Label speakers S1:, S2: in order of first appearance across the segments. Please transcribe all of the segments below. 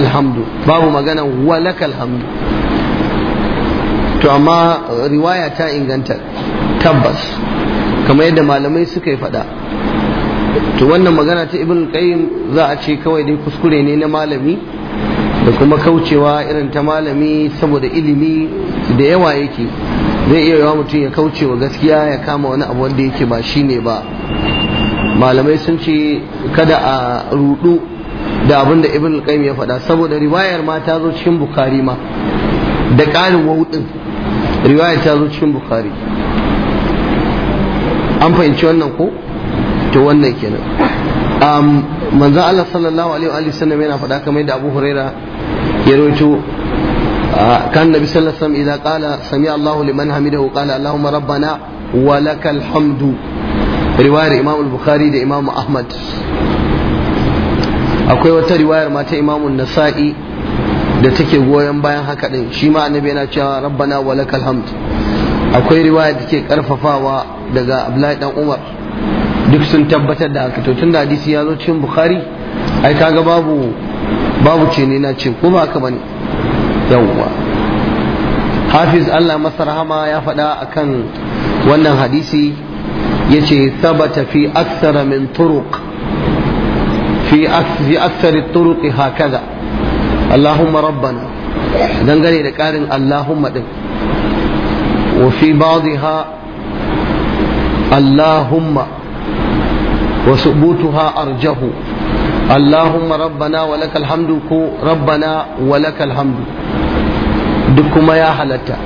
S1: lakal hamdu babu magana walakal hamdu to amma riwaya ta inganta tabbas kamar yadda malamai suka yi faɗa to wannan magana ta ibn qayyim za a ce kawai dai kuskure ne na malami da kuma kaucewa irin ta malami saboda ilimi da yawa yake zai iya yawa mutum ya kauce wa gaskiya ya kama wani abu wanda yake ba shi ne ba malamai sun ce kada a rudu da abin da ibn al-qayyim ya faɗa saboda riwayar ma ta zo cikin bukhari ma da ƙarin wahudin riwayar ta zo cikin bukhari an fahimci wannan ko to wannan kenan um, manzon Allah sallallahu alaihi wa sallam yana faɗa kamar da Abu Huraira ya rawaito kan nabi sallallahu alaihi idan qala sami Allahu liman hamidahu qala Allahumma rabbana wa lakal hamdu riwayar Imam al-Bukhari da Imam Ahmad akwai wata riwayar ma imamun nasa'i da take goyon bayan haka din shi ma annabi yana cewa rabbana wa lakal hamd akwai riwaya da ke karfafawa daga abdullahi dan umar duk sun tabbatar da haka to tun da hadisi ya zo cikin bukhari ai kaga babu babu ce ne na ce ko ba haka bane yawwa hafiz Allah masa rahama ya faɗa akan wannan hadisi yace sabata fi aksara min turuq fi aksari turuqi hakaza Allahumma rabbana dangane da karin Allahumma din wa fi ba'dha arjahu Allahumma rabbana wa lakal hamdu ko rabbana wa lakal hamdu duk kuma ya halatta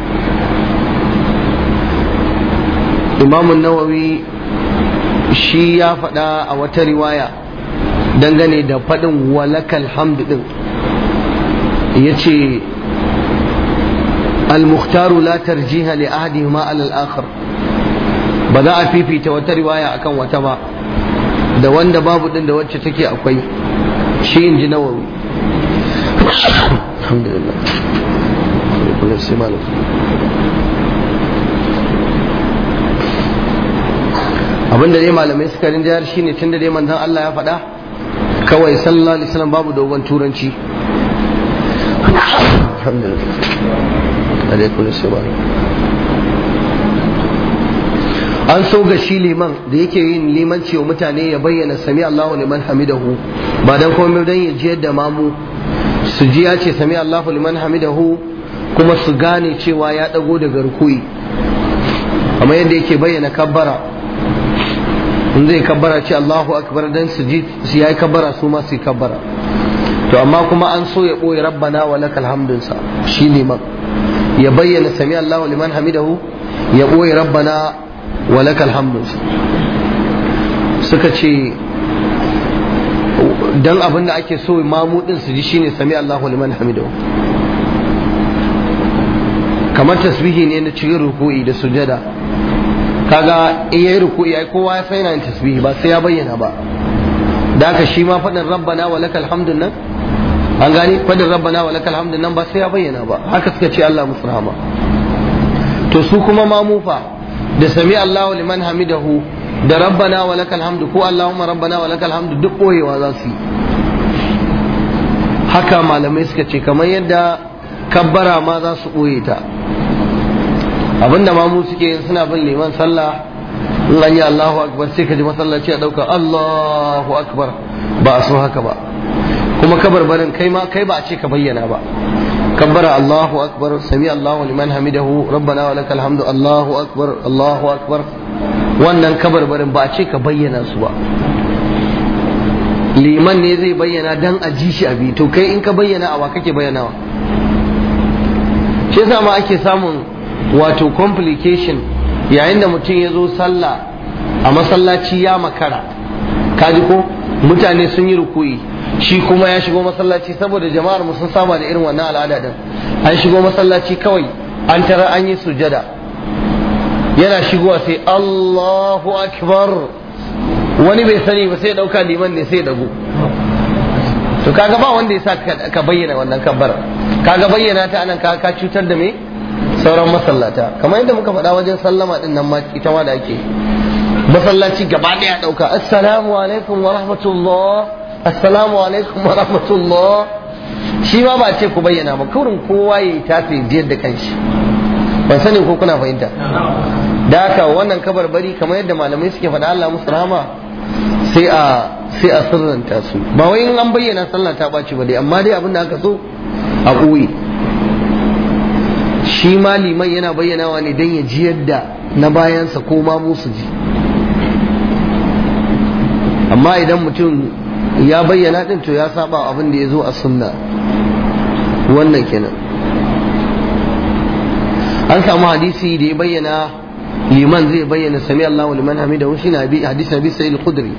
S1: Imam Nawawi shi ya faɗa a wata riwaya dangane da faɗin walakal hamdu ɗin ya ce al-mukhtaru la tarjiha li ahadihima alal akhar ba za a fifita wata riwaya akan wata ba da wanda babu ɗin da wacce take akwai shi in ji nawawi abinda dai malamai suka rinjayar tun da dai manzon Allah ya faɗa kawai sallallahu alaihi wasallam babu dogon turanci an so ga shi liman da yake yin limanci wa mutane ya bayyana sami Allahu liman hamidahu ba dan komai dan ya ji yadda mamu su ji ya ce sami Allahu liman hamidahu kuma su gane cewa ya dago daga rukui amma yadda yake bayyana kabbara in zai kabbara ce Allahu akbar dan su ji su yayi kabbara su ma su kabbara to amma kuma an so ya boye rabbana wa lakal sa shi liman ya bayyana sami Allahu liman hamidahu ya boye rabbana wa lakal hamdunsa suka ce dan abin da ake so imamu din su ji shine sami Allahu liman hamidahu kamar tasbihi ne na cikin ruku'i da sujada kaga iya yi ruku iya kowa ya saina tasbihi ba sai ya bayyana ba da haka shi ma fadin rabbana wa lakal hamdun nan an gani faɗin rabbana wa lakal hamdun nan ba sai ya bayyana ba haka suka ce Allah musu rahama to su kuma mamufa da sami Allahu liman hamidahu da rabbana wa lakal hamdu ko Allahumma rabbana wa lakal hamdu duk boyewa za su yi haka malamai suka ce kamar yadda kabbara ma za su boye ta abinda ma mu suke suna bin liman sallah in an yi Allahu akbar sai ka ji masallaci a ɗauka Allahu akbar ba a so haka ba kuma barbarin kai ma kai ba a ce ka bayyana ba kabbara Allahu akbar sami Allahu liman hamidahu rabbana wa lakal hamdu Allahu akbar Allahu akbar wannan barbarin ba a ce ka bayyana su ba liman ne zai bayyana dan a ji shi abi to kai in ka bayyana a wa kake bayyanawa shi yasa ma ake samun wato complication yayin da mutum ya zo sallah a masallaci ya makara kaji ko mutane sun yi rukuyi shi kuma ya shigo masallaci saboda jama'ar mu sun saba da irin wannan al'ada din an shigo masallaci kawai an tara an yi sujada yana shigowa sai Allahu akbar wani bai sani ba sai dauka liman ne sai dago to kaga ba wanda ya sa ka bayyana wannan kabbar kaga bayyana ta anan ka cutar da me sauran masallata kamar yadda muka faɗa wajen sallama ɗin nan ita ma da ake masallaci gaba ɗaya ɗauka assalamu alaikum wa rahmatullah assalamu alaikum wa rahmatullah shi ma ba ce ku bayyana ba kurin kowa ya yi tafi jiyar da kanshi ban sani ko kuna fahimta da haka wannan kabarbari kamar yadda malamai suke faɗa Allah musu rahama sai a sai a sirranta su ba wai in an bayyana sallah ta ɓaci ba dai amma dai abin da aka so a ɓoye shi ma liman yana bayyanawa ne don ya ji yadda na bayansa ko ma musu ji amma idan mutum ya bayyana ɗin to ya saba abin da ya zo a sunna wannan kenan an samu hadisi da ya bayyana liman zai bayyana sami Allah wa liman hamida shi na bi hadisi na bi sayyid qudri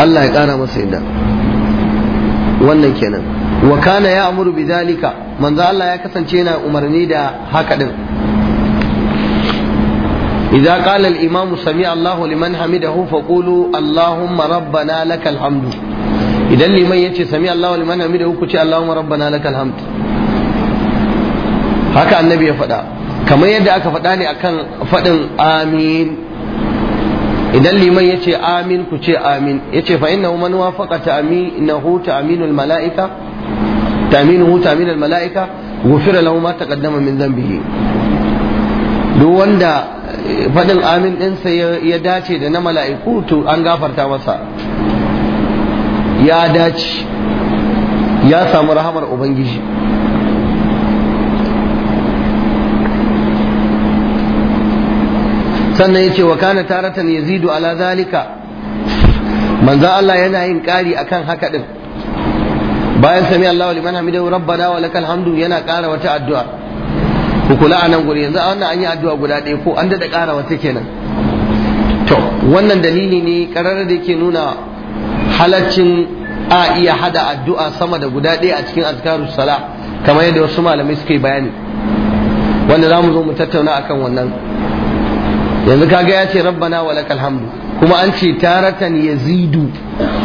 S1: Allah ya kara masa yadda wannan kenan wa kana ya amuru bi zalika manzo Allah ya kasance yana umarni da haka din idza qala al imamu sami Allahu liman hamidahu faqulu allahumma rabbana lakal hamdu idan liman yace sami Allahu liman hamidahu ku ce allahumma rabbana lakal hamd haka annabi ya faɗa kamar yadda aka faɗa ne akan faɗin amin idan liman yace amin ku ce amin yace fa innahu man wafaqa ta'min ta'minul mala'ika taminuhu taminal mala'ika gufira lahu ma taqaddama min dhanbihi duk wanda faɗin amin ɗinsa ya dace da na mala'iku to an gafarta masa ya dace ya samu rahamar ubangiji sannan ya ce wa kana taratan yazidu ala zalika manzo Allah yana yin ƙari akan haka din bayan sami Allahu liman hamidahu rabbana wa lakal hamdu yana ƙara wata addu'a ku kula a nan guri yanzu a wannan an yi addu'a guda ɗaya ko an daɗa ƙara wata kenan to wannan dalili ne ƙararra da yake nuna halaccin a iya hada addu'a sama da guda ɗaya a cikin azkaru sala kamar yadda wasu malamai suka bayani wanda za mu zo mu tattauna akan wannan yanzu kaga ya ce rabbana wa lakal hamdu kuma an ce taratan yazidu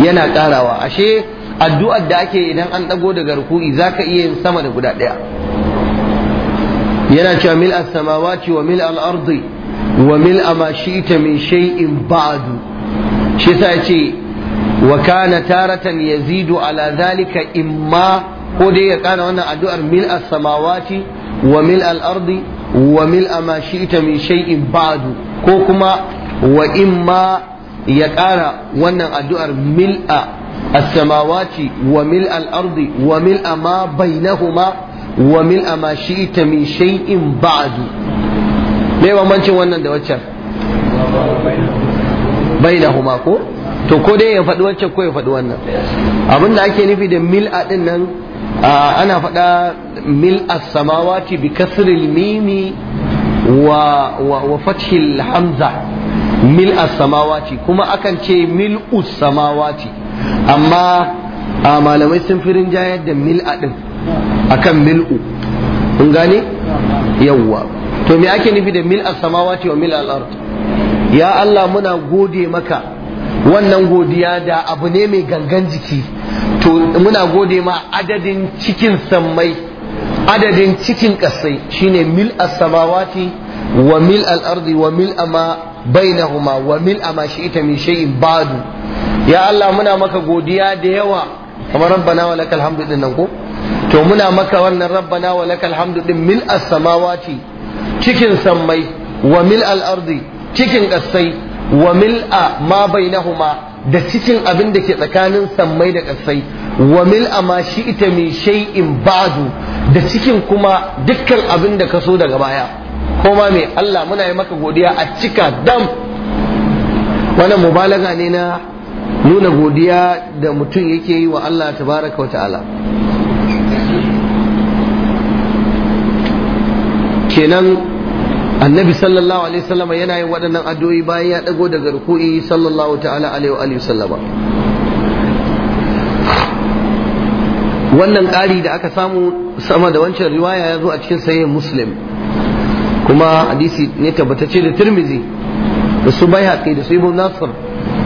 S1: yana karawa ashe addu'ar da ake idan an dago daga ruku'i zaka iya yin sama da guda daya yana cewa mil as-samawati wa mil al-ardi wa mil ma shi'ta min shay'in ba'du shi yasa yace wa kana taratan yazidu ala zalika imma ko dai ya kana wannan addu'ar mil as-samawati wa mil al-ardi wa mil ma shi'ta min shay'in ba'du ko kuma wa imma ya ƙara wannan addu'ar mil'a السماوات وملء الأرض وملء ما بينهما وملء ما شئت من شيء بعد me bambancin wannan da waccan bainahuma ko to ko dai ya faɗi wancan ko ya faɗi wannan abin da ake nufi da mil'a din nan ana faɗa mil'a samawati bi kasril mimi wa wa fathil hamza mil'a samawati kuma akan ce mil'u samawati amma a malamai sun fi rinjayar da mil'a a kan mil'u kun gane yawwa to me ake nufi da mil'a samawati wa mil'a al ya Allah muna gode maka wannan godiya da abu ne mai gangan jiki to muna gode ma adadin cikin sammai adadin cikin kasai shine mil'a samawati wa mil'a al wa mil'a ma bainahuma wa mil'a ma shi ita mai shay'in ba'du ya Allah muna maka godiya da yawa kamar rabbana wa lakal hamdu din nan ko to muna maka wannan rabbana wa lakal hamdu din mil as-samawati cikin sammai wa mil al-ardi cikin kasai wa mabai ma bainahuma da cikin abin da ke tsakanin sammai da kasai wa a ma shi ita mai shay'in ba'du da cikin kuma dukkan abin da ka so daga baya koma mai Allah muna yi maka godiya a cika dam wannan mubalaga ne na nuna godiya da mutum yake yi wa Allah tabaraka wa ta'ala kenan annabi sallallahu alaihi wasallama yana yin waɗannan addu'o'i bayan ya ɗago daga ruku'i sallallahu ta'ala alaihi wasallama wannan ƙari da aka samu sama da wancan riwaya ya zo a cikin sahihin muslim kuma hadisi ne tabbatacce da tirmizi da su bai da su ibn nasir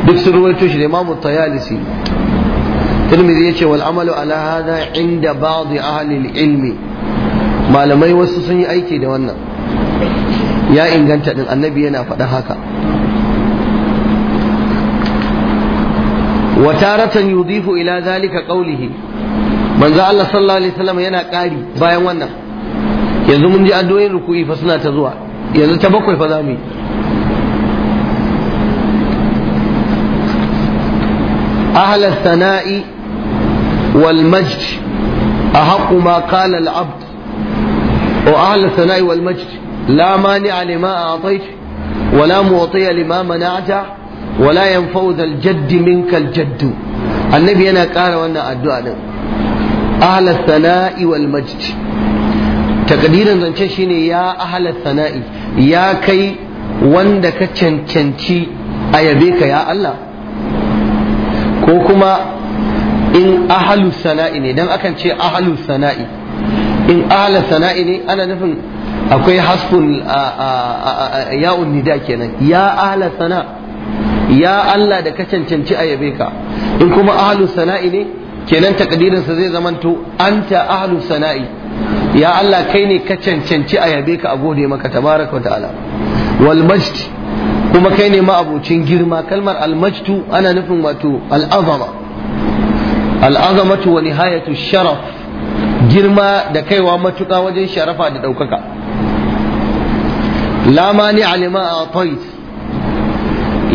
S1: duk sun ruwaito shi da imamu tayalisi tirmidhi yace wal amalu ala hadha inda ba'd ahli al ilmi malamai wasu sun yi aiki da wannan ya inganta din annabi yana faɗa haka wa taratan yudifu ila zalika qawlihi manzo Allah sallallahu alaihi wasallam yana ƙari bayan wannan yanzu mun ji addu'o'in ruku'i fa suna ta zuwa yanzu ta bakwai fa za mu yi أهل الثناء والمجد أحق ما قال العبد وأهل الثناء والمجد لا مانع لما أعطيت ولا معطي لما منعت ولا ينفع ذا الجد منك الجد النبي أنا قال وأنا أدعى أهل الثناء والمجد تقديرا زنشن شيني يا أهل الثناء يا كي wanda ka cancanci a yabe ka ya Allah ko kuma in ahalu sana'i ne dan akan ce ahalu sana'i in ahalu sana'i ne ana nufin akwai hasbun ya'un nida kenan ya ahalu sana ya Allah da ka cancanci a yabe ka in kuma ahalu sana'i ne kenan takadirinsa zai zamanto anta ahalu sana'i ya Allah kai ne ka cancanci a yabe ka a gode maka tabaraka wa ta'ala wal majd kuma kai ne ma'abucin girma kalmar almajtu ana nufin wato al'azama al'azamatu wa nihayatu sharaf girma da kaiwa matuƙa wajen sharafa da ɗaukaka lamani alima a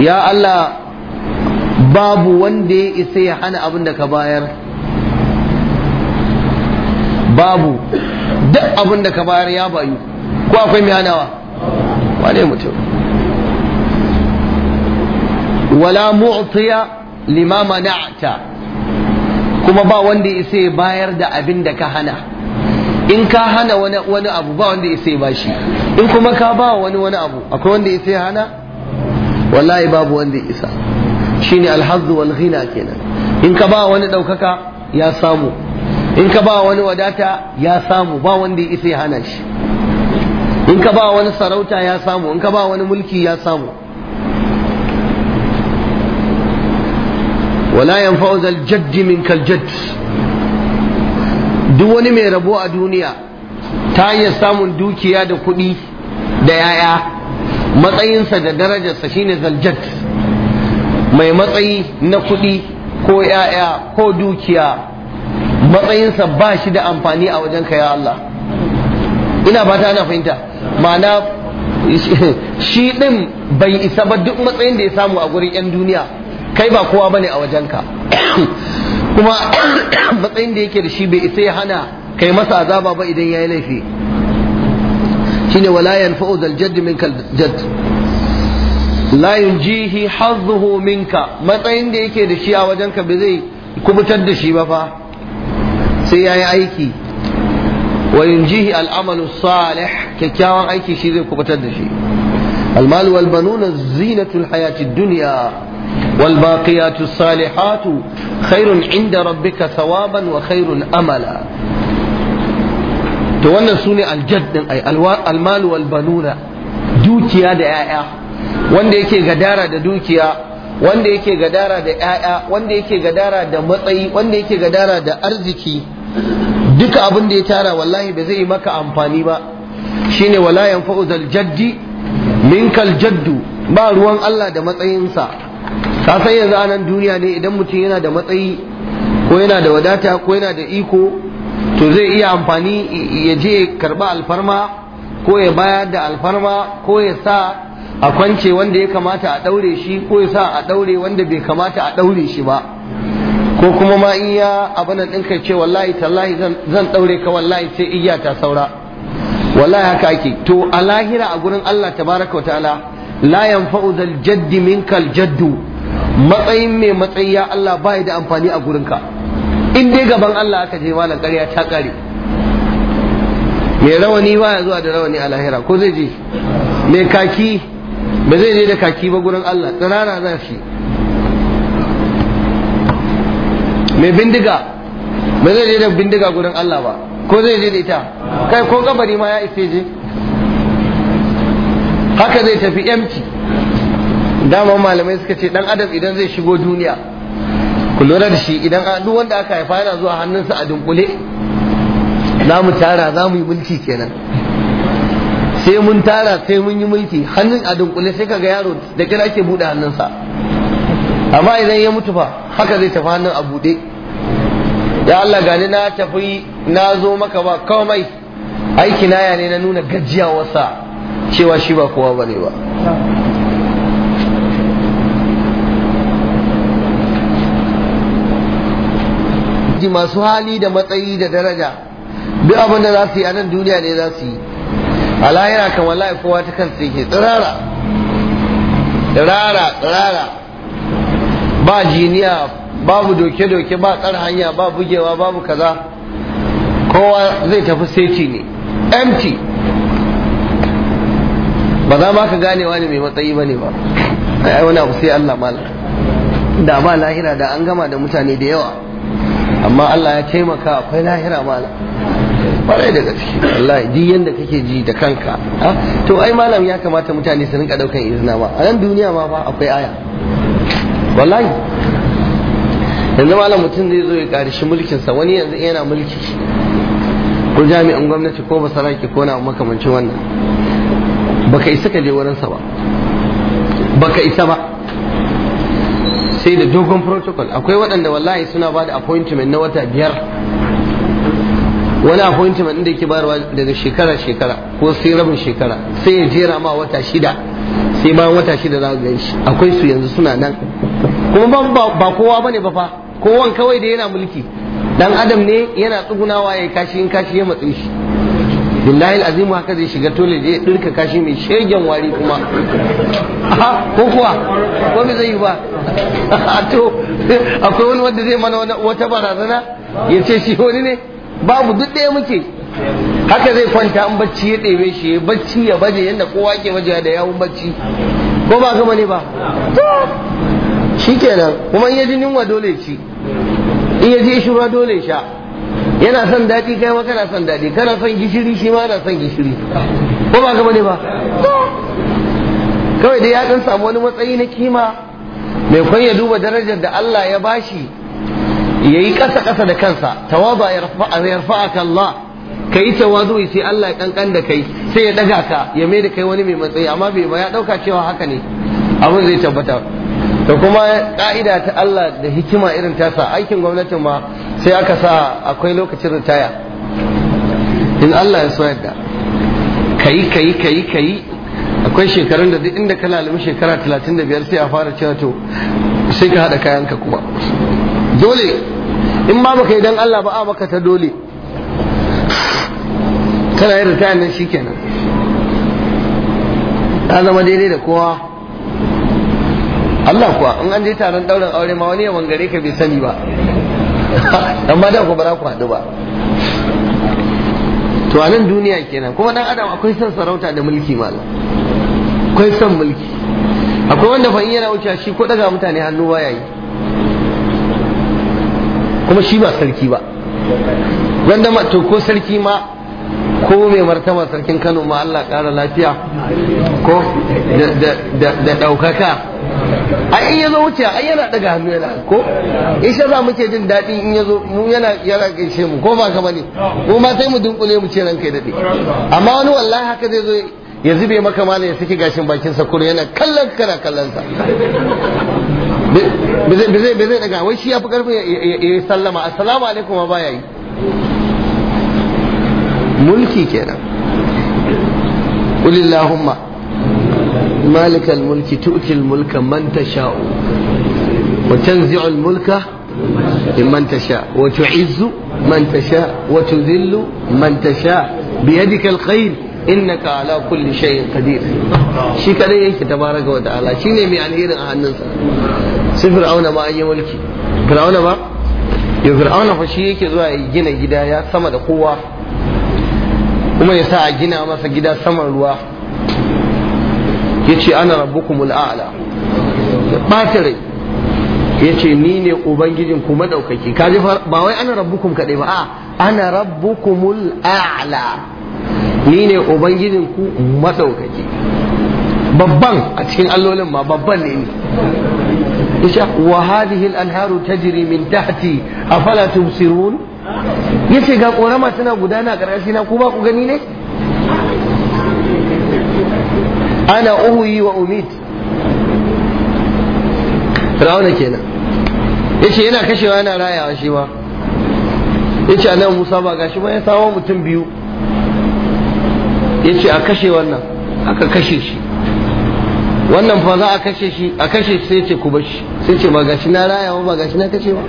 S1: ya Allah babu wanda ya isa ya hana abin da ka bayar babu duk abin da ka bayar ya bayu ko akwai mai hanawa wane mutum wala mu'tiya lima mana'ta kuma ba wanda isa ya bayar da abin da ka hana in ka hana wani abu ba wanda isa ya bashi in kuma ka ba wani wani abu akwai wanda isa ya hana wallahi babu wanda isa shine alhazzu wal ghina kenan in ka ba wani daukaka ya samu in ka ba wani wadata ya samu ba wanda ya isa hana shi in ka ba wani sarauta ya samu in ka ba wani mulki ya samu wala yanfa'u zal jaddi minkal jadd duk wani mai rabo a duniya ta hanyar samun dukiya da kuɗi da yaya matsayinsa da darajarsa shine zaljat mai matsayi na kuɗi ko yaya ko dukiya matsayinsa ba shi da amfani a wajen ya Allah ina ba ta ana fahimta ma'ana shi ɗin bai isa ba duk matsayin da ya samu a gurin 'yan duniya kai ba kowa bane a wajenka kuma matsayin da yake da shi bai isa ya hana kai masa azaba ba idan yayi laifi shine wala yanfa'u zal jadd minkal jadd la yunjihi hazzuhu minka matsayin da yake da shi a wajenka bai zai kubutar da shi ba fa sai yayi aiki wa yunjihi al'amalu salih kyakkyawan aiki shi zai kubutar da shi المال والبنون زينة الحياة الدنيا والباقيات الصالحات خير عند ربك ثوابا وخير املا to wannan su ne aljad ai almal wal banuna dukiya da ya'ya wanda yake gadara da dukiya wanda yake gadara da ya'ya wanda yake gadara da matsayi wanda yake gadara da arziki duka abin da ya tara wallahi ba zai yi maka amfani ba shine wala yanfa'u zal jaddi minkal jaddu ba ruwan Allah da matsayinsa ka san yanzu anan duniya ne idan mutum yana da matsayi ko yana da wadata ko yana da iko to zai iya amfani ya je karba alfarma ko ya bayar da alfarma ko ya sa a kwance wanda ya kamata a daure shi ko ya sa a daure wanda bai kamata a daure shi ba ko kuma ma in ya abinan ɗin kai ce wallahi tallahi zan daure ka wallahi sai iya ta saura wallahi haka ake to a lahira a gurin Allah tabaraka wa ta'ala la yanfa'u zal jaddi minkal jaddu matsayin mai matsayi ya Allah bai da amfani a gurinka in dai gaban Allah aka je malam ƙarya ta ƙare mai rawani ba ya zuwa da rawani a lahira ko zai je mai kaki ba zai je da kaki ba gurin Allah tsirara za shi mai bindiga ba zai je da bindiga gurin Allah ba ko zai je da ita kai ko kabari ma ya ife je haka zai tafi empty dama malamai suka ce dan adam idan zai shigo duniya ku lura da shi idan duk wanda aka haifa yana zuwa hannunsa a dunkule za mu tara za mu yi mulki kenan sai mun tara sai mun yi mulki hannun a dunkule sai kaga yaro da kira ake buɗe hannunsa amma idan ya mutu fa haka zai tafi hannun a buɗe ya Allah gani na tafi na zo maka ba kawai aiki na yane na nuna gajiyawarsa cewa shi ba kowa bane ba masu hali da matsayi da daraja duk abin da za su yi a nan duniya ne za su yi a lahira kamar kowa ta kan ke tsirara tsirara tsirara ba jiniya babu doke-doke ba tsar hanya ba bugewa babu kaza kowa zai tafi seti ne empty ba za ma ka gane wani mai matsayi ba ne ba ai wani abu sai Allah mal da ba lahira da an gama da mutane da yawa amma Allah ya taimaka akwai lahira mala kwarai da gaske wallahi ji yanda kake ji da kanka to ai malam ya kamata mutane su rinka daukan izina ba a nan duniya ma ba akwai aya wallahi yanzu malam mutum zai zo ya mulkin mulkinsa wani yanzu yana mulki ko jami'an gwamnati ko basaraki ko na makamancin wannan baka isa ka je wurinsa ba baka isa ba sai da dogon protocol akwai waɗanda wallahi suna ba da appointment na wata biyar wani appointment da yake bayarwa daga shekara shekara ko sai rabin shekara sai ya jera ma wata shida sai bayan wata shida za ga shi akwai su yanzu suna nan kuma ba kowa bane ba fa kowan kawai da yana mulki dan adam ne yana tsugunawa ya kashi in kashi ya matsi shi billahi Azimu haka zai shiga tole zai dirka kashi mai shegen wari kuma ko kuwa ko me zai yi ba to akwai wani wanda zai mana wata barazana ya ce shi wani ne babu duk ɗaya muke haka zai kwanta an bacci ya ɗebe shi ya bacci ya baje yadda kowa ke baje da yawun bacci ko ba gama ne ba shi kenan kuma in ya ji ninwa dole ci in ya ji shura dole sha yana son daɗi kai ma kana son daɗi kana son gishiri shi ma yana son gishiri ko ba gaba ne ba kawai dai ya ɗan samu wani matsayi na kima mai kwanya ya duba darajar da Allah ya bashi ya yi ƙasa ƙasa da kansa tawaba ya a Allah ka yi tawazu sai Allah ya kankan da kai sai ya ɗaga ka ya mai da kai wani mai matsayi amma bai ba ya ɗauka cewa haka ne abin zai tabbata da kuma ka'ida ta Allah da hikima irin tasa aikin gwamnatin ma sai aka sa akwai lokacin ritaya in Allah ya so yadda kayi kayi kayi kayi akwai shekarun da duk inda kana lalimi shekara 35 sai a fara cewa to sai ka hada kayanka kuma dole in ma baka yi don Allah ba a maka ta dole kana yin ritaya nan shikenan ta zama daidai da kowa Allah kuwa in an je taron ɗaurin aure ma wani ya gare ka bai sani ba amma da ku bara ku haɗu ba to a nan duniya kenan kuma dan adam akwai son sarauta da mulki ma akwai son mulki akwai wanda fa in yana wuce shi ko daga mutane hannu baya yi kuma shi ba sarki ba wanda ma to ko sarki ma ko mai martaba sarkin kano ma Allah ƙara lafiya ko da ɗaukaka ai in ya zo wuce ai yana daga hannu yana ko sha za muke jin daɗi in ya zo mu yana yana gaishe mu ko ba ka bane mu ma sai mu dunkule mu ce kai daɗe amma wani wallahi haka zai zo ya zube maka mala ya saki gashin bakin sa kuma yana kallon kana kallon sa bai zai daga wai shi ya fi karfin ya sallama assalamu alaikum ba ya yi mulki kenan qulillahumma malikal mulki tu'til mulka man tasha'u wa tanzi'ul لمن تشاء وتعز من تشاء وتذل من تشاء بيدك الخير إنك على كل شيء قدير تبارك وتعالى fir'auna ba shi yake zuwa gina gida ya sama da kowa kuma ya sa a gina masa gida saman ruwa ya ce ana rabbukumul a'la ya ɓata rai ya ce ni ne ubangijin ku madaukaki kaji ba wai ana rabbukum kaɗai ba a ana rabbukumul a'la ni ne ubangijin ku madaukaki babban a cikin allolin ma babban ne ni Ya isha wa hadhihi al-anharu tajri min tahti afala tubsirun ya ce ga korama tana gudana a na ko ba ku gani ne ana uhuyi wa umid rauna kenan ya ce yana kashewa yana rayawa shi ma ya ce anan musa ba gashi ma ya sawo mutum biyu ya ce a kashe wannan aka kashe shi wannan fa za a kashe shi a kashe sai ce ku bashi sai ce ba gashi na rayawa ba gashi na kashewa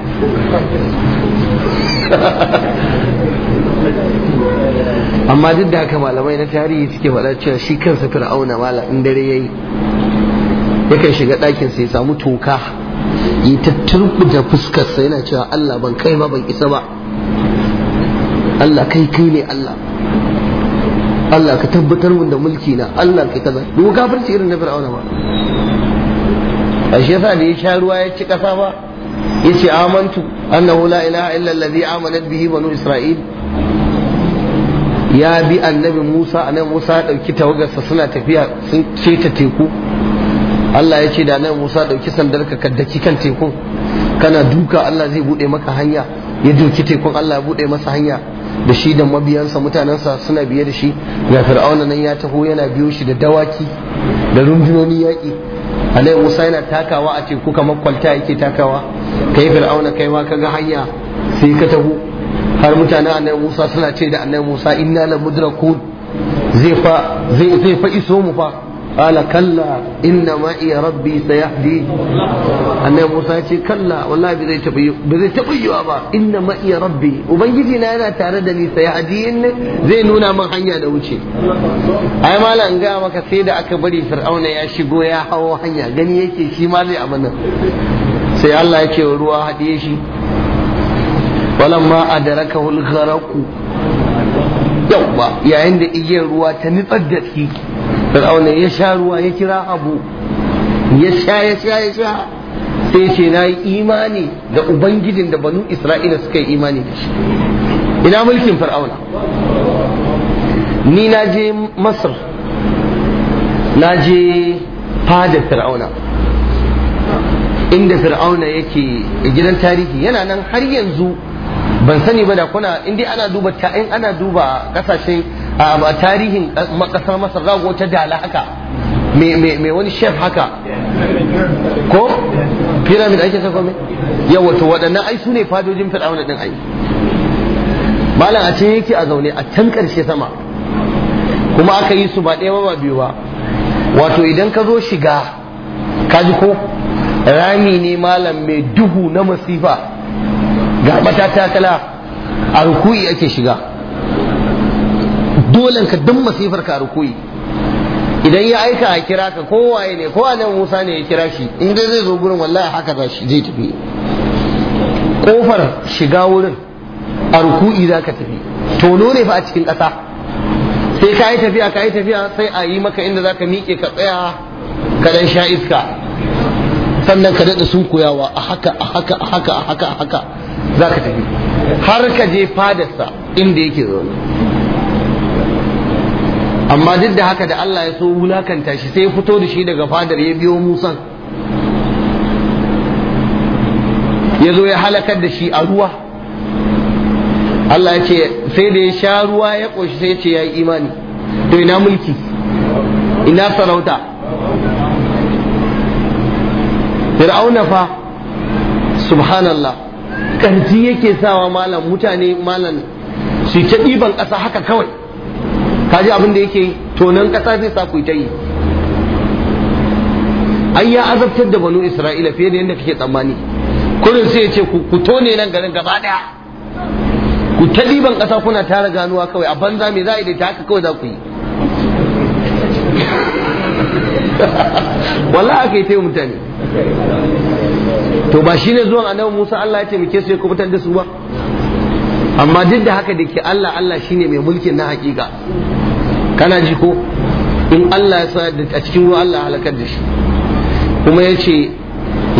S1: amma duk da haka malamai na tarihi suke faɗa cewa shi kansa fir'auna mala in dare yayi yakan shiga ɗakin sai samu toka yi ta turkuta sai yana cewa Allah ban kai ma ban isa ba Allah kai kai ne Allah Allah ka tabbatar mun da mulki na Allah kai kaza duk kafirci irin na fir'auna ba a shi yasa da ya sha ruwa ya ci kasa ba yace amantu annahu la ilaha illa allazi amanat bihi banu isra'il ya bi annabi Musa annabi Musa ya dauki sa suna tafiya sun keta teku Allah ya ce da annabi Musa dauki sandar ka kaddaki kan tekun kana duka Allah zai bude maka hanya ya doki tekun Allah ya bude masa hanya da shi da mabiyansa mutanensa suna biye da shi ga fir'auna nan ya taho yana biyo shi da dawaki da rundunoni yaƙi alai musa yana takawa a teku kamar kwalta yake takawa kai fir'auna kai ma kaga hanya sai ka tabu har mutanen annabi Musa suna ce da annabi Musa inna la mudraku zai fa zai zai fa iso mu fa qala kalla inna ma iya rabbi sayahdi annabi Musa ya ce kalla wallahi bai zai tabi bai zai tabi ba inna ma iya rabbi ubangiji na yana tare da ni sayahdi zai nuna min hanya da wuce ai malam ga maka sai da aka bari fir'auna ya shigo ya hawo hanya gani yake shi ma zai amana sai Allah ya ce wa ruwa haɗe shi walamma adaraka hul yau ba yayin da igiyar ruwa ta nitsar da shi fir'auna ya sha ruwa ya kira abu ya sha ya sha ya sha sai ce na yi imani da ubangijin da banu isra'ila suka yi imani da shi ina mulkin fir'auna ni na je masar na je fadar fir'auna inda fir'auna yake gidan tarihi yana nan har yanzu ban sani ba da kuna in ana duba in ana duba kasashe a tarihin kasar masar zago ta dala haka mai wani chef haka ko pyramid ake sako mai yawa to waɗannan ai su ne fadojin fir'auna din ai malam a ce yake a zaune a can karshe sama kuma aka yi su ba ɗaya ba biyu ba wato idan ka zo shiga ka ji ko rami ne malam mai duhu na masifa ga matatakala a rukuyi ake shiga dolen ka dan masifar ka a rukuyi idan ya aika a kira ka kowaye ne kowa ne musa ne ya kira shi in dai zai zo gurin wallahi haka za shi zai tafi kofar shiga wurin a ruku'i za ka tafi tono ne fa a cikin ƙasa sai ka yi tafiya ka yi tafiya sai a yi maka inda za ka miƙe ka tsaya ka dan sha iska sannan ka daɗa sun koyawa a haka a haka a haka a haka a haka za ka tafi har ka je fadarsa inda yake zaune amma duk da haka da Allah ya so wulakanta shi sai ya fito da shi daga fadar ya biyo musan ya zo ya halakar da shi a ruwa Allah ya ce sai da ya sha ruwa ya ƙoshi sai ya ce ya yi imani to ina mulki ina sarauta fir'auna fa subhanallah karji yake sawa malam mutane malam su ta ɗiban ƙasa haka kawai kaji abin da yake tonan ƙasa zai sa ku ta yi ai ya azabtar da banu isra'ila fiye da yadda kake tsammani kurin sai ya ce ku tone nan garin gaba ɗaya ku ta ɗiban ƙasa kuna tara ganuwa kawai a banza me za a yi da ta haka kawai za ku yi wallahi aka yi ta mutane to ba shi ne zuwan annabi Musa Allah ya taimake su ya kubutar da su ba amma duk da haka da ke Allah Allah shi ne mai mulkin na hakika kana ji ko in Allah ya sa a cikin ruwa Allah halakar da shi kuma ya ce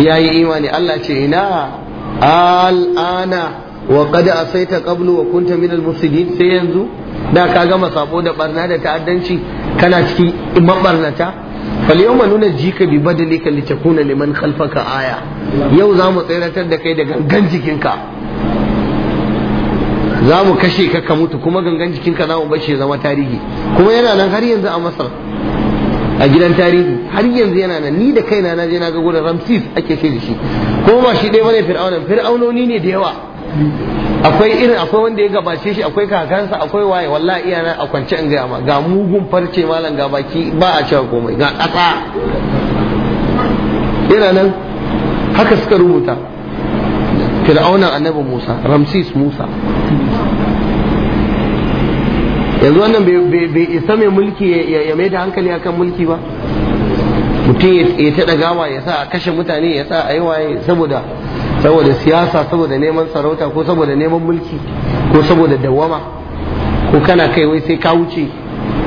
S1: ya yi imani Allah ce ina al'ana wa sai ta kablu wa kunta minal mufsidin sai yanzu da ka gama sabo da barna da ta'addanci kana cikin mabarnata falyawma nunajjika bi ta kuna liman khalfaka aya yau za mu tsiratar da kai da gangan jikinka za mu kashe ka ka mutu kuma gangan jikinka za mu bace zama tarihi kuma yana nan har yanzu a masar a gidan tarihi har yanzu yana nan ni da kaina na je na ga gurin ramsis ake ce da shi kuma ba shi ɗaya bane fir'aunan fir'aunoni ne da yawa akwai irin akwai wanda ya gabace shi akwai kakansa akwai waye wallahi iyana a kwance in gaya ma ga mugun farce malam ga baki ba a cewa komai ga ƙasa ina nan haka suka rubuta fir'aunan annabi musa ramses musa yanzu wannan bai isa mai mulki ya mai da hankali akan mulki ba mutum ya taɗa gawa ya sa a kashe mutane ya sa a yi waye saboda saboda siyasa saboda neman sarauta ko saboda neman mulki ko saboda dawama ko kana kai wai sai ka wuce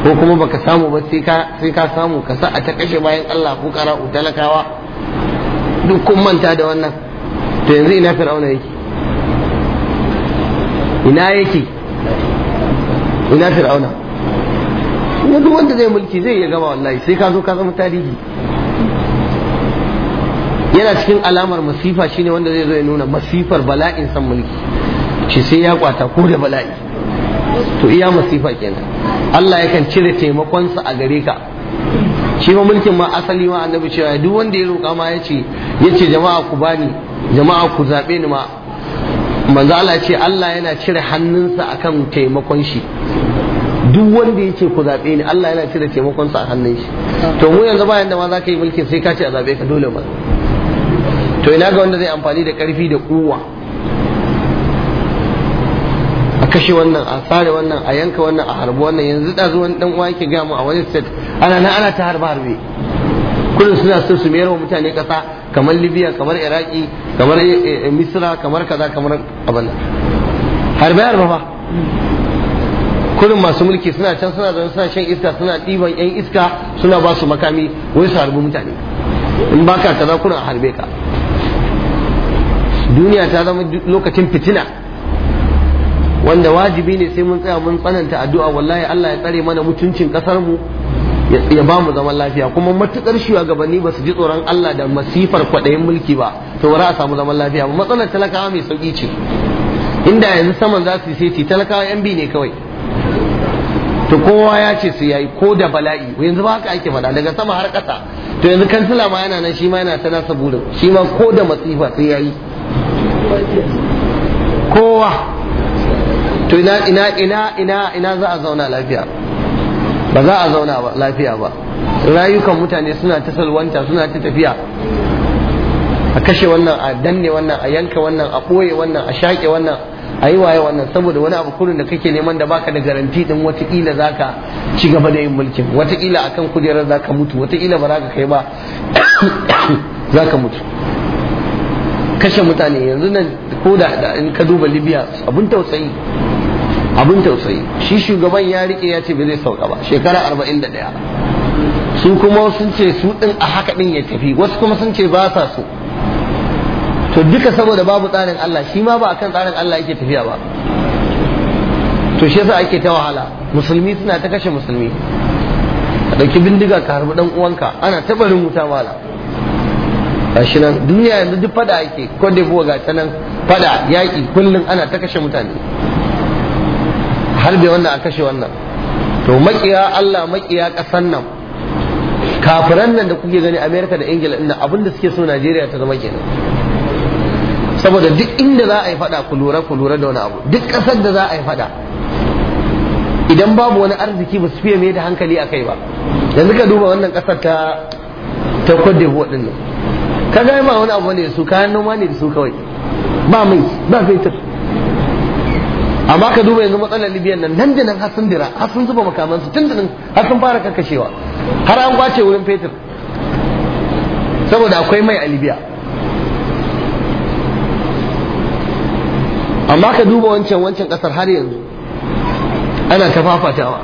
S1: ko kuma baka samu ba sai ka samu ka sa a ta kashe bayan Allah ko kara talakawa duk kun manta da wannan to yanzu ina fir'auna yake ina yake ina fir'auna duk wanda zai mulki zai iya gama wallahi sai ka zo ka zama tarihi yana cikin alamar masifa shine wanda zai zo ya nuna masifar bala'in san mulki shi sai ya kwata ko da bala'i to iya masifa kenan Allah yakan cire taimakonsa a gare ka shi ma mulkin ma asali ma annabi cewa duk wanda ya roƙa ma yace yace jama'a ku bani jama'a ku zabe ni ma manzo Allah ce Allah yana cire hannunsa akan taimakon shi duk wanda ya ce ku zabe ni Allah yana cire taimakonsa a hannun shi to mu yanzu ba da ma za ka yi mulkin sai ka ce a zaɓe ka dole ma to ina ga wanda zai amfani da karfi da kuwa a kashe wannan a tsare wannan a yanka wannan a harbi wannan yanzu da zuwan dan uwa yake gama a wani state ana nan ana ta harba harbe kullum suna so su mayar wa mutane kasa kamar libya kamar iraki kamar eh, eh, misra kamar kaza kamar abin harbe harbe fa kullum masu mulki suna can suna zaune suna shan iska suna ɗiban yan iska suna ba su makami wai su harbi mutane in baka kaza kuna harbe ka duniya ta zama lokacin fitina wanda wajibi ne sai mun tsaya mun tsananta addu'a wallahi Allah ya tsare mana mutuncin kasar mu ya ba mu zaman lafiya kuma matukar shugabanni ba su ji tsoron Allah da masifar kwaɗayin mulki ba to ba a samu zaman lafiya ba matsalar talakawa mai sauki ce inda yanzu saman za su sai talakawa yan bi ne kawai to kowa ya ce su yayi ko da bala'i yanzu ba haka ake faɗa daga sama har ƙasa to yanzu kansila ma yana nan shi ma yana ta nasa burin shi ma ko da masifa sai yayi kowa to ina ina ina ina ina za a zauna lafiya ba za a zauna lafiya ba rayukan mutane suna ta salwanta suna ta tafiya a kashe wannan a danne wannan a yanka wannan a ɓoye wannan a shaƙe wannan a yi waye wannan saboda wani abu kurin da kake neman da baka da garanti din watakila za ka ci gaba da yin mulkin watakila akan kujerar za ka mutu watakila ba za ka kai ba za ka mutu kashe mutane yanzu nan ko da in ka duba libya abin tausayi abin tausayi shi shugaban ya rike ya ce ba zai sauka ba shekara 41 su kuma sun ce su din a haka din ya tafi wasu kuma sun ce ba sa so to duka saboda babu tsarin Allah shi ma ba kan tsarin Allah yake tafiya ba to shi yasa ake ta wahala musulmi suna ta kashe musulmi ka ɗauki bindiga ka harbi ɗan uwanka ana ta barin wuta mala gashi nan duniya yanzu duk fada ake ko da buwa ga ta nan fada yaƙi kullum ana ta kashe mutane harbe wannan a kashe wannan
S2: to makiya
S1: Allah makiya ƙasar nan kafiran nan da kuke gani Amerika da Ingila ina abin da suke so Najeriya ta zama kenan saboda duk inda za a yi fada ku lura ku lura da wani abu duk ƙasar da za a yi fada idan babu wani arziki ba su fiye mai da hankali a kai ba yanzu ka duba wannan ƙasar ta ta Cote buwa ɗin nan ka ga ba wani abu ne su kayan noma ne da su kawai ba mai ba fetur amma ka duba yanzu matsalar libyan nan nan da nan har sun dira har sun zuba makamansu tun da nan har sun fara karkashewa har an kwace wurin fetur saboda akwai mai a libya amma ka duba wancan wancan kasar har yanzu ana ta fafatawa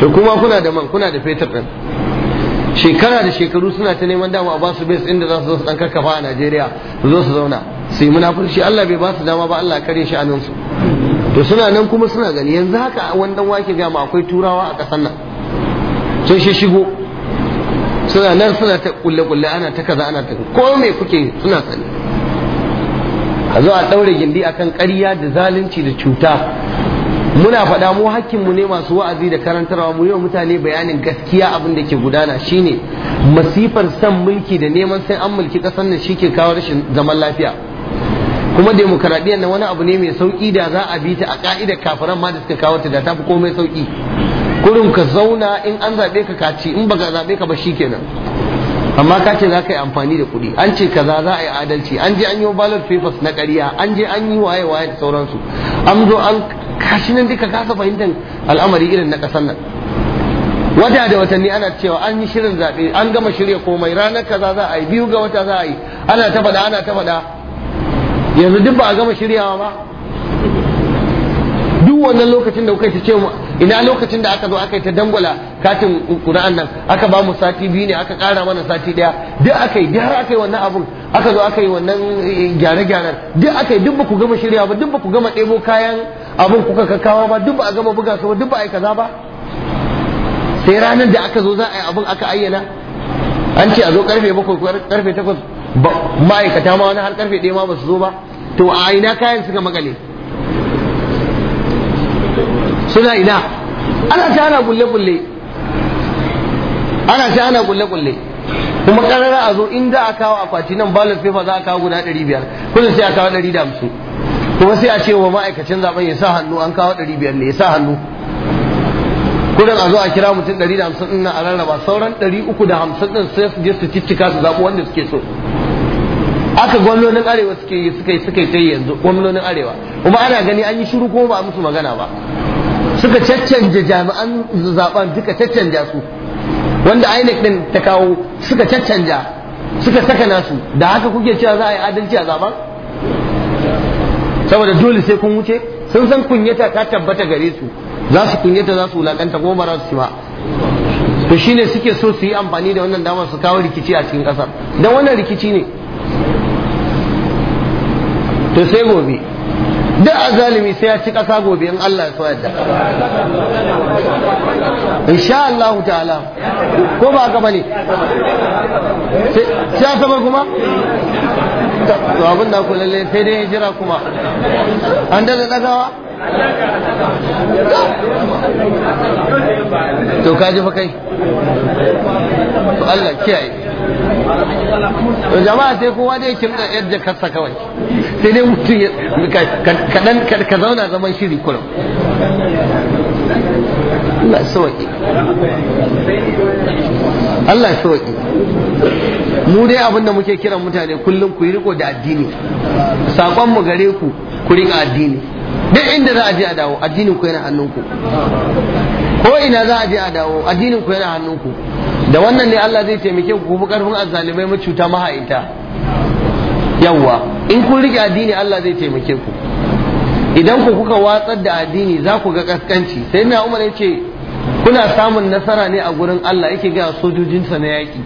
S1: to kuma kuna da man kuna da fetur din shekara da shekaru suna ta neman dama a basu bes inda za su zo su dan karkafa a Najeriya su zo su zauna su yi munafurci Allah bai ba su dama ba Allah kare shi anan su to suna nan kuma suna gani yanzu haka wannan wake ga mu akwai turawa a kasan nan sun shi shigo suna nan suna ta kulle kulle ana ta kaza ana ta ko me kuke suna sani a zo a daure gindi akan ƙarya da zalunci da cuta muna faɗa mu hakkinmu ne masu wa'azi da karantarwa mu yi wa mutane bayanin gaskiya abin da ke gudana shine masifar san mulki da neman sai an mulki ƙasar nan ke kawo rashin zaman lafiya kuma demokaradiyyar na wani abu ne mai sauƙi da za a bi ta a ka'idar kafiran ma da suka kawo ta da ta fi komai sauƙi kurin ka zauna in an zaɓe ka kaci in baka zaɓe ka ba shikenan amma ka ce za ka yi amfani da kuɗi an ce kaza za a yi adalci an je an yi ballot papers na ƙarya an je an yi waye waye da sauransu an zo an kashi nan duka kasa fahimtar al'amari irin na ƙasar nan wata da watanni ana cewa an yi shirin zaɓe an gama shirya komai ranar kaza za a yi biyu ga wata za a yi ana ta faɗa ana ta faɗa yanzu duk ba a gama shiryawa ba duk wannan lokacin da kuka ce mu ina lokacin da aka zo aka yi ta dangwala katin Qur'an nan aka ba mu sati biyu ne aka ƙara mana sati ɗaya duk aka yi har aka yi wannan abun aka zo aka yi wannan eh, gyare-gyaren duk aka yi duk ba ku gama shirya ba duk ba ku gama ɗebo kayan abun kuka kakawa ba duk ba a gama buga su ba duk ba a yi kaza ba sai ranar da aka zo za a yi abun aka ayyana an ce a zo karfe bakwai karfe takwas ma'aikata ma wani har karfe ɗaya ma ba su zo ba to a ina kayan suka magale suna ina ana ta ana kulle-kulle ana ta ana kulle-kulle kuma karara a zo in za a kawo akwati nan ballot paper za a kawo guda 500 kullum sai a kawo 150 kuma sai a ce wa ma'aikacin zaben ya sa hannu an kawo 500 ne ya sa hannu kullum a zo a kira mutum 150 din a rarraba sauran 350 din sai su je su cicika su zaɓi wanda suke so aka gwamnonin arewa suke yi suka yi suka yi ta yanzu gwamnonin arewa kuma ana gani an yi shiru ko ba a musu magana ba suka caccanje jami'an zaben duka caccanja su wanda INEC din ta kawo suka caccanja suka saka nasu da haka kuke cewa za a yi adalci a zaben saboda dole sai kun wuce sun san kunyata ta tabbata gare su za su kunyata za su wulakanta goma ba su ba to shine suke so su yi amfani da wannan damar su kawo rikici a cikin kasar dan wannan rikici ne to sai gobe da azalimi sai ya ci ƙasa gobe in Allah ya so yadda insha Allah ta'ala ko ba haka bane sai asabar kuma to abin da ku lalle sai dai jira kuma an da dagawa to ka ji fa kai to Allah kiyaye to jama'a sai kowa dai kin da yadda kasa kawai sai dai mutum ka dan ka zauna zaman shiri kullum Allah sauki Allah sauki mu dai abin da muke kiran mutane kullum ku yi riko da addini sakon mu gare ku ku rika addini duk inda za a je a dawo addinin ku yana hannunku ko ina za a je a dawo addinin ku yana hannunku da wannan ne Allah zai taimake ku ku karfin azzalimai macuta maha'inta yawwa in kun rike addini Allah zai taimake ku idan ku kuka watsar da addini za ku ga kaskanci sai na Umar ya ce kuna samun nasara ne a gurin Allah yake ga sojojinsa na yaki?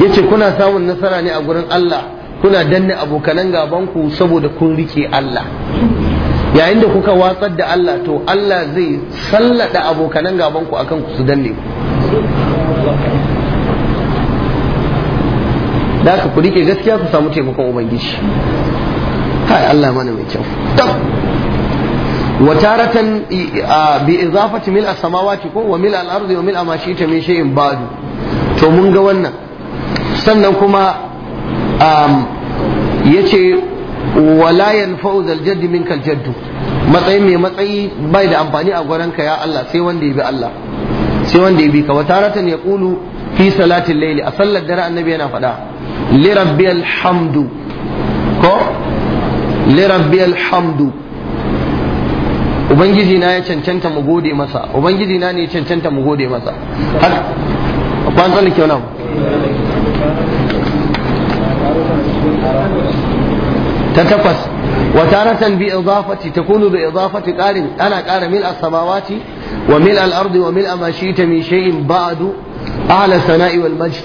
S1: yace kuna samun nasara ne a gurin Allah kuna danne abokanan gaban ku saboda kun rike Allah yayin da kuka watsar da Allah to Allah zai sallada abokanan gaban ku akan ku su danne ku da ku rike gaskiya ku samu taimakon ubangiji kai Allah mana mai kyau mil وتارة بإضافة ملء السماوات وملء الأرض وملء ما شئت min shay'in ba'du to mun ga wannan sannan kuma ya wala yanfa'u zal jaddi minkal jaddu matsayi mai matsayi bai da amfani a ka ya Allah sai wanda ya bi Allah sai wanda ya bi ka wataratan ya kulu fi salatin layli, a sallar dare annabi yana faɗa li rabbil hamdu ko li rabbil hamdu ubangiji na ya cancanta mu gode masa ubangiji na ne ya cancanta mu gode masa har ban tsallake wannan تتقص وتارة بإضافة تكون بإضافة قال أنا قال ملء السماوات وملء الأرض وملء ما شئت من شيء بعد أعلى الثناء والمجد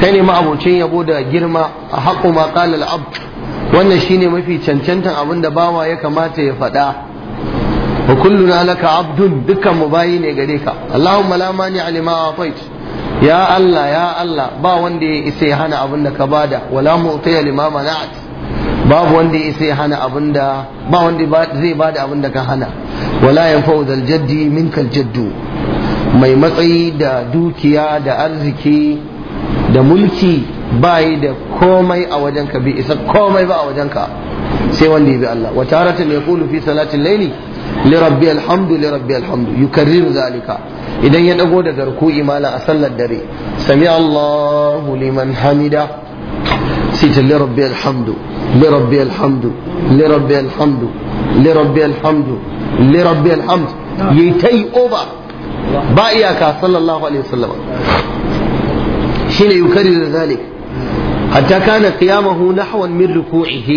S1: كان ما أبو شيء يبودا جرما أحق ما قال العبد wannan shine mafi cancantan abin da bawa ya kamata ya faɗa wa kulluna laka abdun dukkan mu bayi ne gare ka allahumma la mani alima ya allah ya allah ba wanda ya isa ya hana abin da ka bada wala mu'tiya babu wanda ya sai hana abinda ba wanda zai bada abinda ka hana wala fa'u zal jaddi minkal jaddu mai matsayi da dukiya da arziki da mulki bayi da komai a wajenka bi isa komai ba a wajenka sai wanda ya bi Allah wa ne yaqulu fi salatin layli li rabbi alhamdu li rabbi alhamdu yukarriru zalika idan ya dago daga ruku'i mala a sallar dare sami Allahu liman hamida sai ta rabbi alhamdu لربي الحمد لربي الحمد لربي الحمد لربي الحمد يتي أوبر بائياك صلى الله عليه وسلم حين يكرر ذلك حتى كان قيامه نحو من ركوعه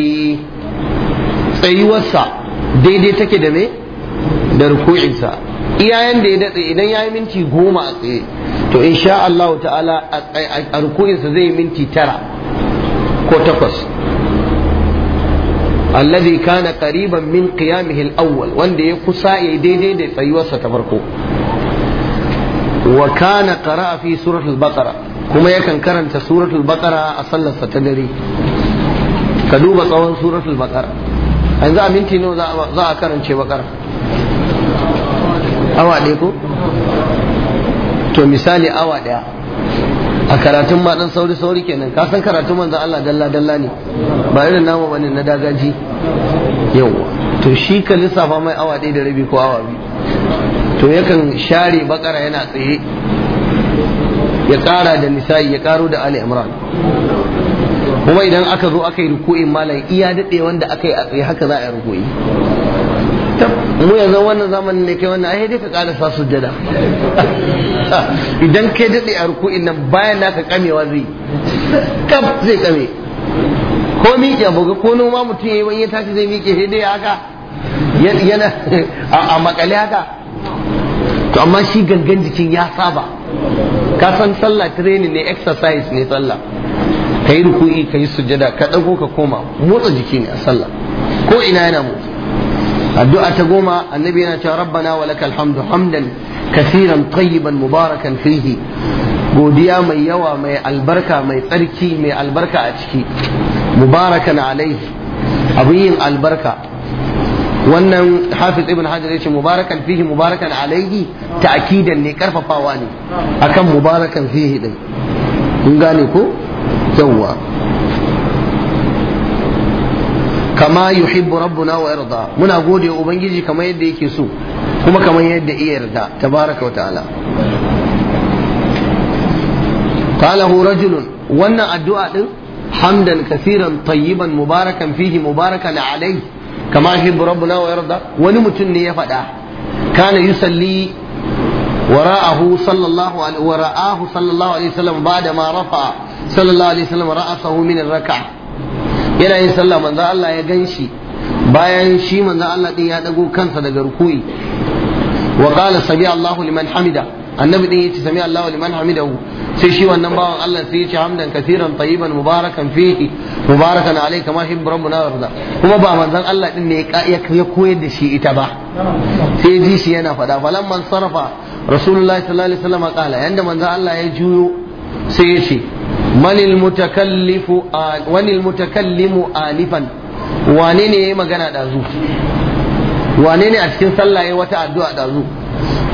S1: tsayuwarsa daidai take da me da ruku'insa iyayen da ya datse idan ya yi minti goma a tsaye to insha Allah ta'ala a ruku'insa zai yi minti tara ko takwas allazi kana qariban min qiyamihi al-awwal wanda ya kusa ya daidai da tsayuwarsa ta farko wa kana qara'a fi suratul kuma yakan karanta suratul baqara a sallarsa ta dare ka duba tsawon suratul baqara yanzu a nawa za karance to misali awa ɗaya a karatun ma dan sauri sauri kenan ka san karatun manzo Allah dalla dalla ne ba irin namu bane na dagaji yawa to shi ka lissafa mai awa ɗaya da rabi ko awa biyu to yakan share bakara yana tsaye ya ƙara da nisa'i ya ƙaro da ali imran kuma idan aka zo aka yi ruku'in malam iya daɗe wanda aka yi a tsaye haka za a yi ruku'i mu yanzu wannan zamanin ne kai wannan ai dai ka sa sujjada idan kai dade a ruku'in nan bayan naka wa zai kaf zai kame ko miƙe buga ko noma mutum yayi wani ya tashi zai miƙe sai dai haka yana a makale haka to amma shi gangan jikin ya saba ka san sallah training ne exercise ne sallah ka ruku'i ka yi sujjada ka ɗago ka koma motsa jiki ne a sallah ko ina yana motsa addu'a ta goma annabi yana cewa rabbana wa lakal hamdu hamdan kasiran tayyiban mubarakan fihi godiya mai yawa mai albarka mai tsarki mai albarka a ciki mubarakan alaihi abin yin albarka wannan hafiz ibn hajar yace mubarakan fihi mubarakan alaihi ta'kidan ne karfafawa ne akan mubarakan fihi din kun gane ko yawwa kama yuhibbu rabbuna wa yarda muna gode ubangiji kamar yadda yake so kuma kamar yadda iya yarda tabaraka wa ta'ala qalahu rajulun wannan addu'a din hamdan kasiran tayyiban mubarakan fihi mubarakan alai kama yuhibbu rabbuna wa yarda wani mutum ne ya faɗa kana yusalli ورآه صلى الله عليه ورآه صلى الله عليه وسلم بعدما رفع صلى الله عليه وسلم رأسه من الركعة yana yin sallah manzo Allah ya gan shi bayan shi manzo Allah din ya dago kansa daga rukuni. wa qala sami Allahu liman hamida annabi din yace sami Allahu liman hamidahu sai shi wannan bawan Allah sai yace hamdan katiran tayyiban mubarakan fihi mubarakan alayhi kama hib rabbuna warda kuma ba manzon Allah ɗin ne ya koyar da shi ita ba sai ji shi yana fada falan man sarafa rasulullahi sallallahu alaihi wasallam kala yanda manzon Allah ya juyo sai yace manil mutakallifu wanil mutakallimu alifan wane ne yayi magana dazu wane ne a cikin sallah yayi wata addu'a dazu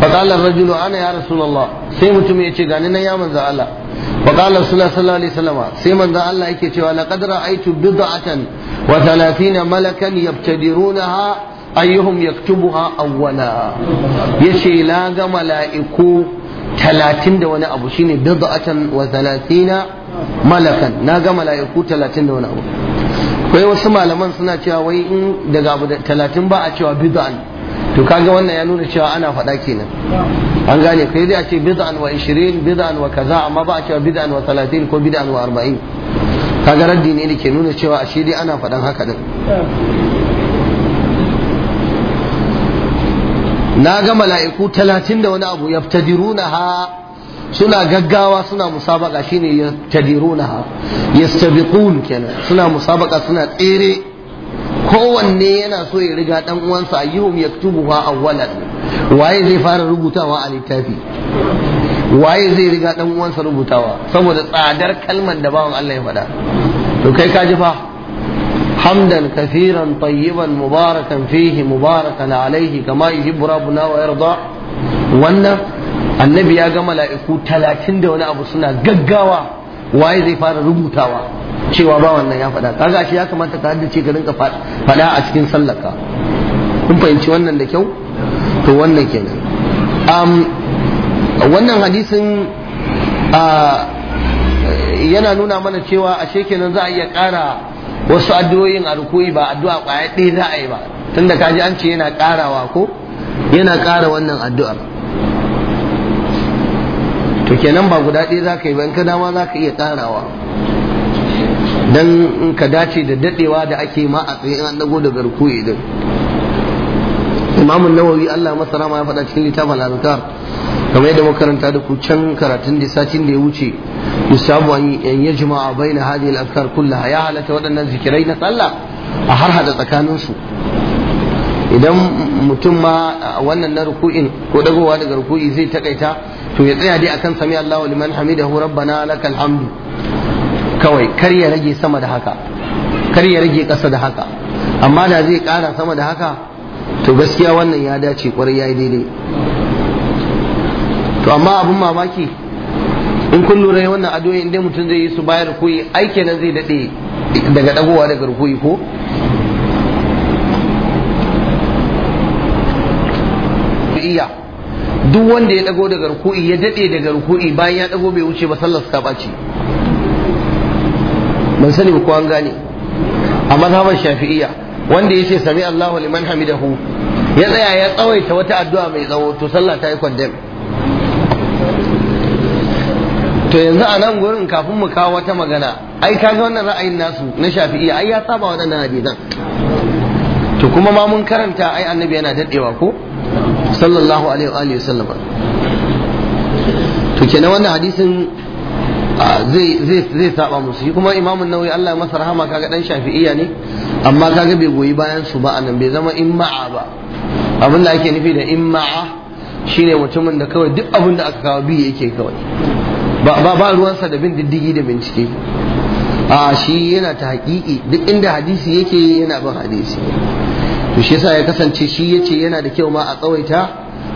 S1: fa qala ar-rajulu ana ya rasulallah sai mutum ya ce gani nan ya manzo Allah fa qala rasulullah sallallahu alaihi wasallam sai manzo Allah yake cewa laqad ra'aytu bid'atan wa 30 malakan yabtadirunaha ayyuhum yaktubuha awwala yace la ga mala'iku talatin da wani abu shine bid'atan wa thalathina malakan na ga mala'iku talatin da wani abu Kai wasu malaman suna cewa wai in daga abu da talatin ba a cewa bid'an to kaga wannan ya nuna cewa ana faɗa kenan an gane kai dai a ce bid'an wa 20 bid'an wa kaza amma ba a cewa bid'an wa 30 ko bid'an wa 40 kaga raddi ne da ke nuna cewa ashe dai ana faɗan haka din na ga mala'iku talatin da wani abu yaftadiruna ha suna gaggawa suna musabaka shine na ha yastabiqun kenan suna musabaka suna tsere kowanne yana so ya riga dan uwansa ayyuhum a awwalan waye zai fara rubutawa a littafi waye zai riga dan uwansa rubutawa saboda tsadar kalman da bawan Allah ya faɗa to kai ka ji fa حمدا كثيرا طيبا مباركا فيه مباركا عليه كما يجب ربنا ويرضى wannan annabi ya ga mala'iku talatin da wani abu suna gaggawa waye zai fara rubutawa cewa ba wannan ya faɗa kaga shi ya kamata ka haddace ka rinka faɗa a cikin sallaka kun fahimci wannan da kyau to wannan kenan um, wannan hadisin yana nuna mana cewa ashe kenan za a iya ƙara wasu addu'o'in a rukuyi ba addu'a kwaya ɗaya za a yi ba tun da kaji an ce yana ƙarawa ko yana ƙara wannan addu'ar to kenan ba guda ɗaya za ka yi ba in ka dama za ka iya ƙarawa dan in ka dace da daɗewa da ake ma a tsaye an dago daga rukuyi din imamun nawawi Allah masa rama ya faɗa cikin littafin al kamar yadda makaranta da ku can karatun satin da ya wuce yusabu an يجمع بين هذه al كلها يا ya halatta waɗannan zikirai na tsalla a harhaɗa idan mutum ma wannan na ruku'in ko dagowa daga ruku'i zai takaita to ya tsaya dai akan sami Allahu liman hamidahu rabbana lakal hamdu kawai kar ya rage sama da haka kar ya rage ƙasa da haka amma da zai kara sama da haka to gaskiya wannan ya dace kwarai yayi daidai to amma abin mamaki in kun lura wannan adoyi inda mutum zai yi su bayar kuyi aiki nan zai daɗe daga ɗagowa daga rukuyi ko iya duk wanda ya ɗago daga rukuyi ya daɗe daga rukuyi bayan ya ɗago bai wuce ba sallar ta ɓaci. ban sani ba ko an gane a mazhabar shafi'iyya wanda ya ce sami Allahu liman hamidahu ya tsaya ya tsawaita wata addu'a mai tsawo to sallah ta yi condemn to yanzu a nan gurin kafin mu kawo wata magana ai kaga wannan ra'ayin nasu na shafi'i ai ya saba waɗannan hadisan to kuma ma mun karanta ai annabi yana dadewa ko sallallahu alaihi wa alihi sallama to kenan wannan hadisin zai zai zai saba musu kuma imamun nawawi Allah ya masa rahama kaga dan shafi'iyya ne amma kaga bai goyi bayan su ba anan bai zama ma'a ba abin da ake nufi da ma'a shine mutumin da kawai duk abin da aka kawo bi yake kawai ba ba ruwansa da bin diddigi da bincike a shi yana ta haƙiƙi duk inda hadisi yake yana bin hadisi to shi yasa ya kasance shi yace yana da kyau ma a tsawaita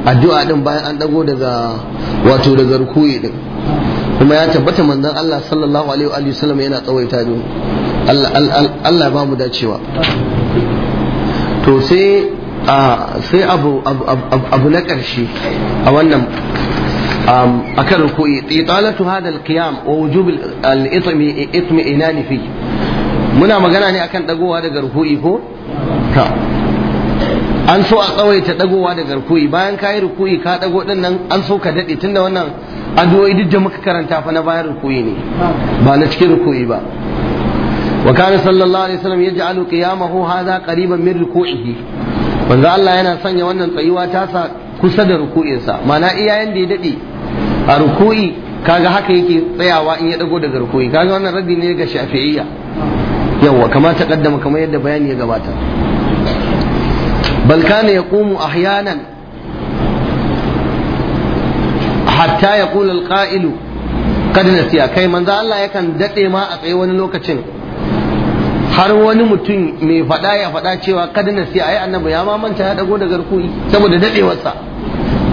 S1: addu'a din bayan an dago daga wato daga rukuyi din kuma ya tabbata manzon Allah sallallahu alaihi wa sallam yana tsawaita din Allah Allah ba mu dacewa to sai sai abu abu na karshe a wannan akan ruku'i italatu hadha al-qiyam wa wujub al-itmi'inani fi muna magana ne akan dagowa daga ko an so a tsawaita dagowa daga ruku'i bayan ka yi rukuyi ka dago din nan an so ka dade tunda wannan addu'o'i duk da muka karanta fa na bayan rukuyi ne ba na cikin rukuyi ba wa kana sallallahu alaihi wasallam yaj'alu qiyamahu hadha qariban min ruku'ihi manzo Allah yana sanya wannan tsayuwa ta sa kusa da ruku'insa mana iya yanda ya daɗe a ruku'i kaga haka yake tsayawa in ya dago daga ruku'i kaga wannan raddi ne ga shafi'iyya yawa kama ta kaddama kamar yadda bayani ya gabata bal kana yaqumu ahyanan hatta yaqulu alqa'ilu qad nasiya kai manzo Allah yakan dade ma a tsaye wani lokacin har wani mutum mai faɗa ya faɗa cewa kad nasiya ai annabi ya ma manta ya dago daga ruku'i saboda dadewarsa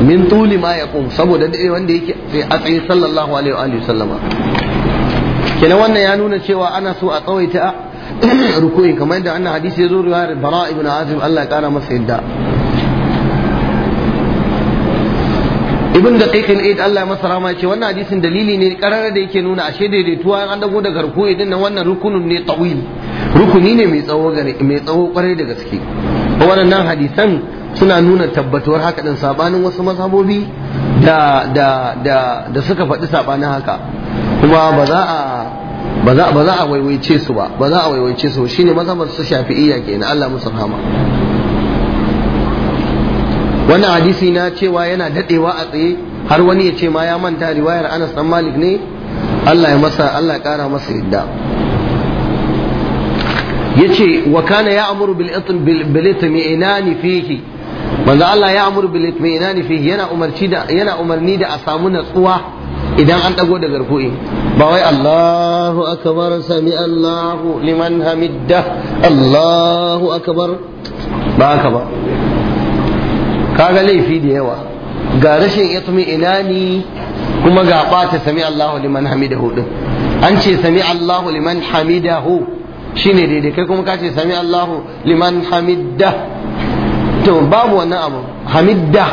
S1: min tuli ma yaqum saboda dai wanda yake a tsaye sallallahu alaihi wa sallama kenan wannan ya nuna cewa ana so a tsawaita rukuyi kamar yadda annan hadisi ya zo riwayar bara ibn azim Allah ya kara masa yadda ibn da kaikin aid Allah ya masa rama ce wannan hadisin dalili ne karara da yake nuna ashe daidaituwa an dago daga rukuyi din nan wannan rukunin ne tawil rukuni ne mai tsawo mai tsawo kwarai da gaske nan hadisan suna nuna tabbatuwar haka din sabanin wasu mazhabobi da da suka faɗi sabanin haka kuma ba za a ba ba za a waiwaice su ba ba za a waiwaice su shine mazhabar su shafi'iyya kenan Allah musu rahama wannan hadisi na cewa yana daɗewa a tsaye har wani ya ce ma ya manta riwayar Anas dan Malik ne Allah ya masa Allah ya kara masa yadda yace wa kana ya'muru bil itm bil inani fihi manzo Allah ya amuru bil itminani fi yana umarci da yana umarni da a samu natsuwa idan an dago da garku'i ba wai Allahu akbar sami Allahu liman hamidda Allahu akbar ba haka ba kaga laifi da yawa ga rashin itminani kuma ga bata sami Allahu liman hamidahu din an ce sami Allahu liman hamidahu shine daidai kai kuma ka ce sami Allahu liman hamidda to babu wannan abu hamidda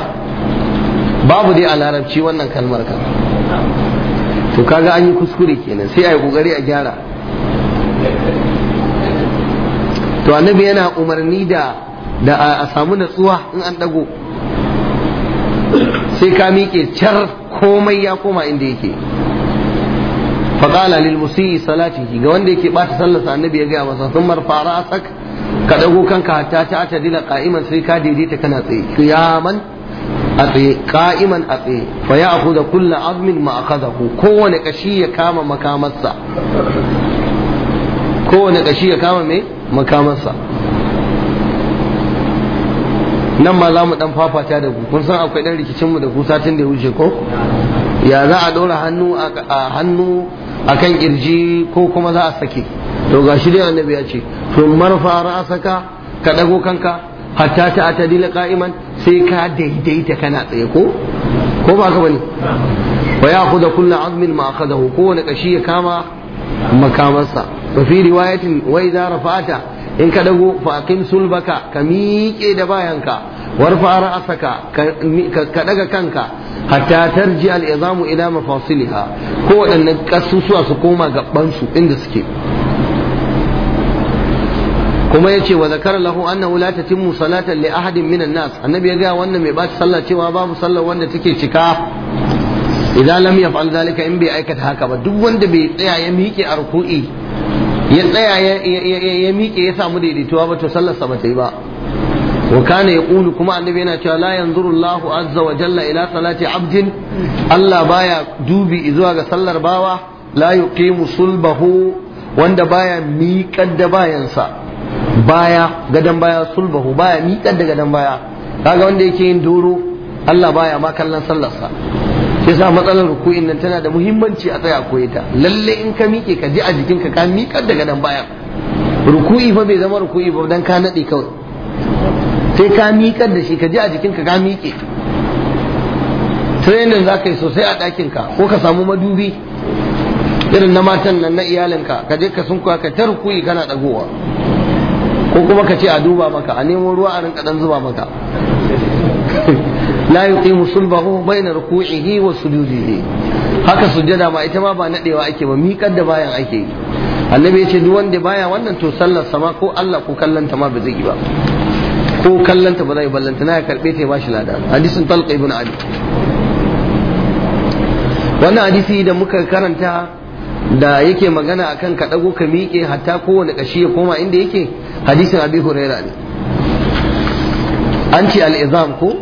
S1: babu dai a larabci wannan kalmar ka to kaga an yi kuskure kenan sai a yi kokari a gyara to annabi yana umarni da da a samu natsuwa in an dago sai ka miƙe car komai ya koma inda yake faƙala lil musii salatihi ga wanda yake bata sallarsa annabi ya gaya masa sun marfa ra'asak ka ɗago kanka hatta ta ta dila qa'iman sai ka daidaita kana tsaye qiyaman a tsaye qa'iman a tsaye fa ya akhudha kullu azmin ma akhadahu kowane kashi ya kama makamarsa kowane kashi ya kama me makamarsa nan ma za mu dan fafata da ku kun san akwai dan rikicin mu da ku satin da ya wuce ko ya za a dora hannu a hannu akan ko kuma za a sake to ga shi dai annabi ya ce sun marfa ra'asaka ka dago kanka hatta ta atadila qa'iman sai ka daidaita kana tsaye ko ko ba ka bane wa ya'khudha kullu 'azmin ma akhadahu kowane kashi ya kama makamarsa fa fi riwayatin wa idza rafa'ata in ka dago fa aqim sulbaka ka miƙe da bayanka warfa ra'asaka ka daga kanka hatta tarji al-izamu ila mafasiliha ko waɗannan kasusuwa su koma gabban su inda suke kuma ya ce wa zakar lahu annahu la tatimmu salatan li ahadin minan nas annabi ya ga wannan mai bata sallah cewa babu sallar wanda take cika idan lam yaf'al zalika in bai aikata haka ba duk wanda bai tsaya ya miƙe a ya tsaya ya miƙe ya samu daidaituwa ba to sallar sa ba ta yi ba wa kana yaqulu kuma annabi yana cewa la yanzuru Allahu azza wa jalla ila salati abdin Allah baya dubi zuwa ga sallar bawa la yuqimu sulbahu wanda baya miƙar da bayansa baya gadon baya sulbahu baya miƙar da gadon baya kaga wanda yake yin doro Allah baya ma kallon sallarsa yasa matsalar ruku'in nan tana da muhimmanci a tsaya koyi ta lalle in ka miƙe ka ji a jikinka ka miƙar da gadon baya ruku'i fa bai zama ruku'i ba dan ka nade kawai sai ka miƙar da shi ka ji a jikinka ka miƙe training za ka yi sosai a ɗakinka ko ka samu madubi irin na matan nan na iyalinka ka je ka sunkuwa ka ta ruku'i kana ɗagowa ko kuma ka ce a duba maka a nemo ruwa a rinka dan zuba maka la yuqimu sulbahu bayna ruku'ihi wa sujudihi haka sujjada ma ita ma ba nadewa ake ba miƙar da bayan ake yi annabi ya ce duk wanda baya wannan to sallar sama ko Allah ko kallanta ma ba zai yi ba ko kallanta ba zai ballanta na ya karbe ta ba shi lada hadisin talq ibn ali wannan hadisi da muka karanta da yake magana akan ka dago ka miƙe hatta kowane kashi ya koma inda yake hadisin abi huraira ne an ce al'izam ko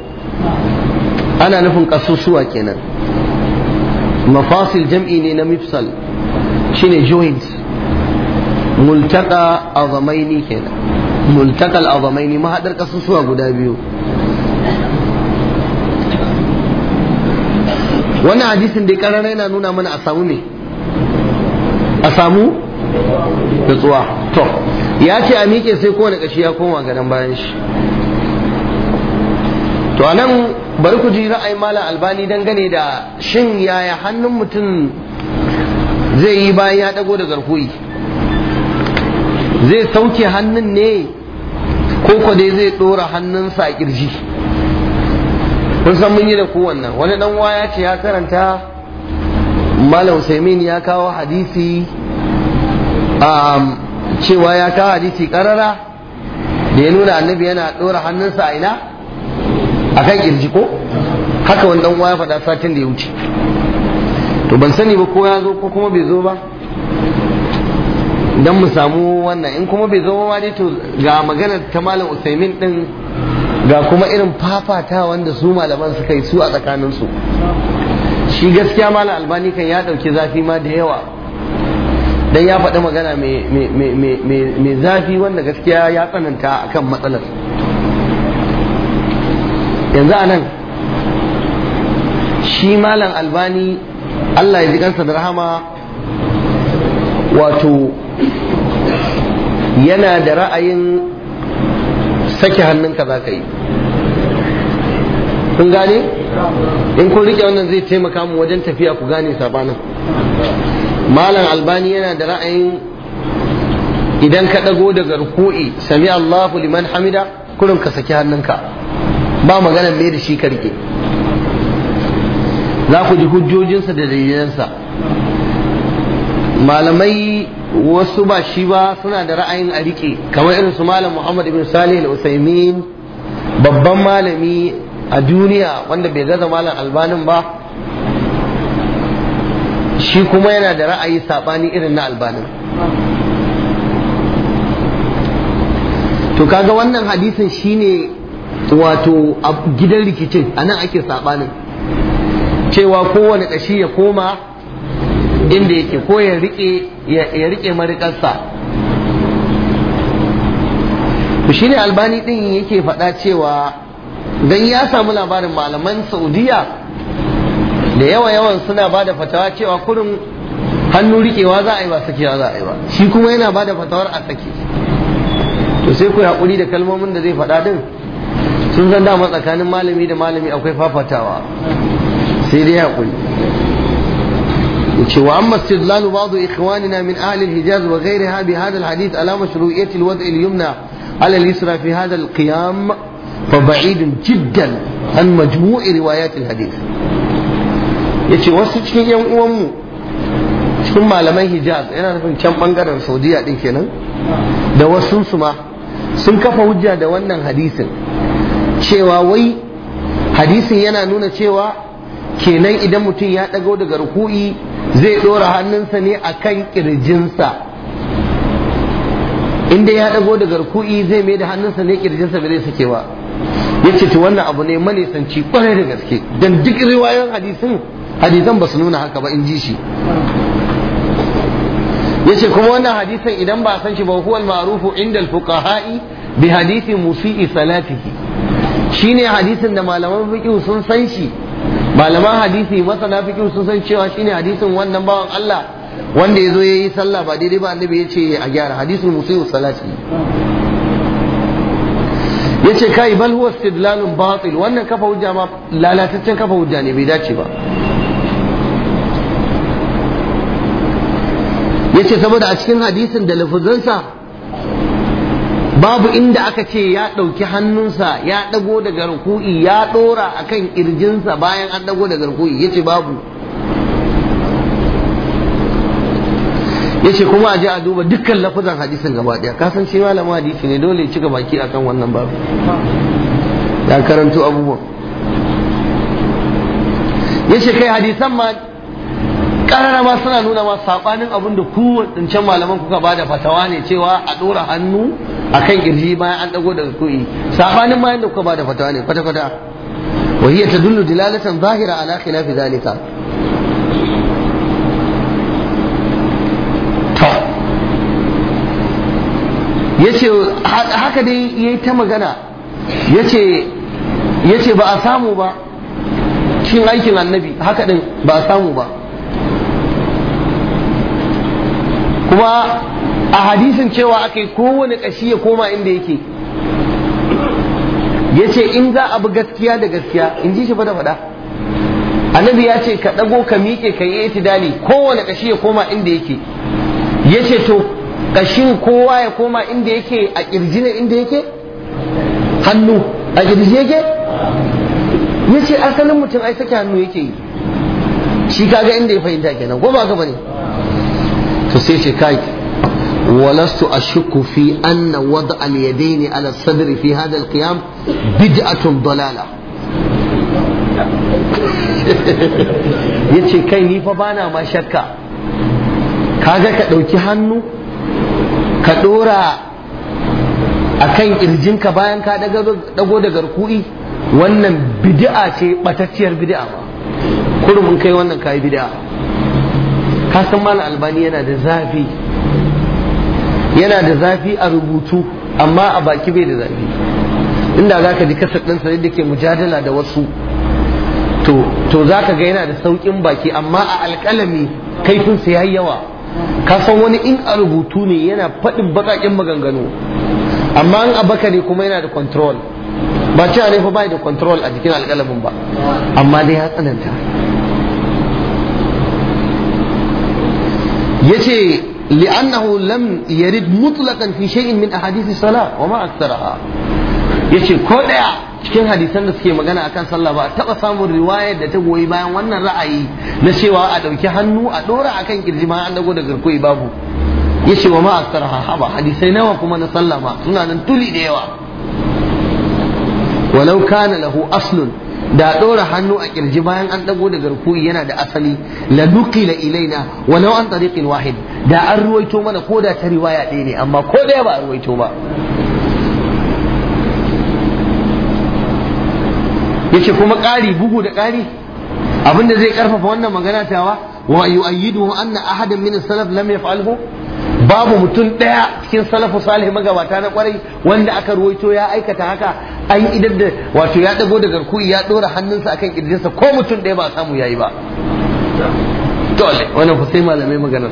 S1: ana nufin kasusuwa kenan mafasil jam'i ne na mifsal shine joint multaka azamaini kenan multaka al'azamaini mahadar kasusuwa guda biyu wannan hadisin dai karara yana nuna mana a samu me a samu nutsuwa to ya ce a miƙe sai kowane ƙashi ya koma nan bayan shi to a nan, bari ku ji ra'ayin malam albani dangane da shin yaya hannun mutum zai yi bayan ya dago da garkuwi zai sauke hannun ne ko ko zai ɗora hannunsa a ƙirji? kun san mun yi da kowannan wani dan waya ce ya karanta malam usaimin ya kawo hadisi um, cewa ya kawo hadisi karara da ya nuna annabi yana ɗora hannunsa a ina a kan ƙirji ko haka wani ɗan ya faɗa satin da ya wuce to ban sani ba ko ya zo ko kuma bai zo ba don mu samu wannan in kuma bai zo ba dai to ga maganar ta malam usaimin ɗin ga kuma irin fafata wanda su malaman suka yi su a tsakaninsu shi gaskiya malam albani kan ya ɗauki zafi ma da yawa dan ya faɗi magana mai zafi wanda gaskiya ya tsananta akan matsalar yanzu anan shi malam albani allah ya ji kansa da rahama wato yana da ra'ayin sake hannunka za ka yi kun gane in kun rike wannan zai taimaka mu wajen tafiya ku gane sabanin malam albani yana da ra'ayin idan ka dago daga ruku'i sami Allahu liman hamida kurin ka saki hannunka ba maganar me da shi ka rike za ku ji hujjojinsa da dalilansa malamai wasu ba shi ba suna da ra'ayin a rike kamar irin su malam Muhammad ibn Salih al usaimin babban malami a duniya wanda bai gaza malam albanin ba shi kuma yana da ra'ayi saɓani irin na albanin to kaga wannan hadisin shine wato a gidan rikicin a nan ake saɓanin cewa kowane ƙashi ya koma inda yake ko ya rike ya riƙe mariƙarsa shi ne albani ɗin yake faɗa cewa don ya samu labarin malaman saudiya da yawa yawan suna ba da fatawa cewa kurin hannu rikewa za a yi ba sakewa za a yi ba shi kuma yana ba da fatawar a sake to sai ku haƙuri da kalmomin da zai faɗa din sun zan dama tsakanin malami da malami akwai fafatawa sai dai haƙuri wa amma istidlalu ba'd ikhwanina min ahli al-hijaz wa ghayriha bi hadha al-hadith ala mashru'iyyati al-wad' al-yumna ala al-yusra fi hadha al-qiyam فبعيد جدا عن مجموع روايات الحديث yace wasu cikin yan uwanmu cikin malaman hijaz yana nufin can bangaren saudiya din kenan da wasu su ma sun kafa hujja da wannan hadisin cewa wai hadisin yana nuna cewa kenan idan mutum ya ɗago daga ruku'i zai ɗora hannunsa ne a kan ƙirjinsa inda ya ɗago daga ruku'i zai mai da hannunsa ne ƙirjinsa ba zai sake ba ya ce wannan abu ne manisanci kwarai da gaske don duk riwayoyin hadisin hadisan ba su nuna haka ba in ji shi ya ce kuma wannan hadisan idan ba san shi ba huwal ma'rufu inda al ha'i, bi hadisi musi'i salatihi shine hadisin da malaman fiqh sun san shi malaman hadisi masana fiqh sun san cewa shine hadisin wannan bawan Allah wanda ya zo ya yi sallah ba daidai ba annabi ya ce a gyara hadisin musi'i salatihi yace kai bal huwa istidlalun batil wannan kafa hujja ma lalataccen kafa hujja ne bai dace ba yace saboda a cikin hadisin da lafuzansa babu inda aka ce ya ɗauki hannunsa ya ɗago daga ruku'i ya ɗora akan ƙirjinsa bayan an ɗago daga ruku'i yace babu yace kuma a je a duba dukkan lafazan hadisin gaba daya ka san shi malamin hadisi ne dole ya cika baki akan wannan babu ya karanto abubuwan yace kai hadisan ma karara ma suna nuna ma sabanin abin da ku wancan malaman kuka ba da fatawa ne cewa a dora hannu akan kirji bayan an dago daga koyi sabanin ma yanda kuka ba da fatawa ne kwata kwata wa hiya tadullu dilalatan zahira ala khilafi zalika yace haka dai yayi ta magana yace yace ba a samu ba cikin aikin annabi haka din ba a samu ba kuma a hadisin cewa aka yi kowane kashi ya koma inda yake yace in za a bi gaskiya da gaskiya in ji shi fada fada faɗa annabi ya ce ka ɗago ka miƙe ka yi itidali kowane ƙashi ya koma inda yake ya ce to kashin kowa ya koma inda yake a kirji ne inda yake hannu a kirji yake ya ce asalin mutum ai sake hannu yake yi shi kaga inda ya fahimta kenan ko ba ka bane to sai ce kai fi anna wada al وضع ala على fi hada al qiyam بدعة dalala yace kai ni fa bana ma shakka kaga ka ɗauki hannu ka ɗora a kan ƙirjinka bayan ka ɗago daga ruku'i wannan bid'a ce ɓatacciyar bid'a ba kurumin kai wannan kayi bid'a ka san albani yana da zafi yana da zafi a rubutu amma a baki bai da zafi inda za ka ji kasar ɗinsa yadda ke mujadala da wasu to za ka ga yana da sauƙin baki amma a alƙalami kaifinsa ya yi yawa Kasan wani in a rubutu ne yana faɗin baƙaƙen maganganu amma in a ne kuma yana da control ba a ne fa bai da control a jikin alƙalamin ba amma dai ya tsananta Ya ce yace لأنه لم يرد مطلقا في شيء wa أحاديث الصلاة Ya yace ko ɗaya. cikin hadisan da suke magana akan sallah ba taba samun riwayar da ta goyi bayan wannan ra'ayi na cewa a ɗauki hannu a ɗora akan kirji ma an dago da garkuwa babu ya ce wa ma aksar haba hadisai nawa kuma na sallah ma suna nan tuli da yawa walau kana lahu aslun da ɗora hannu a kirji bayan an dago da garkuwa yana da asali la nuqila ilaina walau an tariqin wahid da an ruwaito mana ko da ta riwaya ɗaya ne amma ko da ba a ruwaito ba yace kuma ƙari bugu da ƙari abinda zai karfafa wannan magana tawa wa yu'ayyidu anna ahadan min salaf lam yaf'alhu babu mutum daya cikin salafu salih magabata na kwarai wanda aka ruwaito ya aikata haka an idan da wato ya dago da garkuwi ya dora hannunsa akan kirjinsa ko mutum ɗaya ba samu yayi ba dole wannan fa sai malamai magana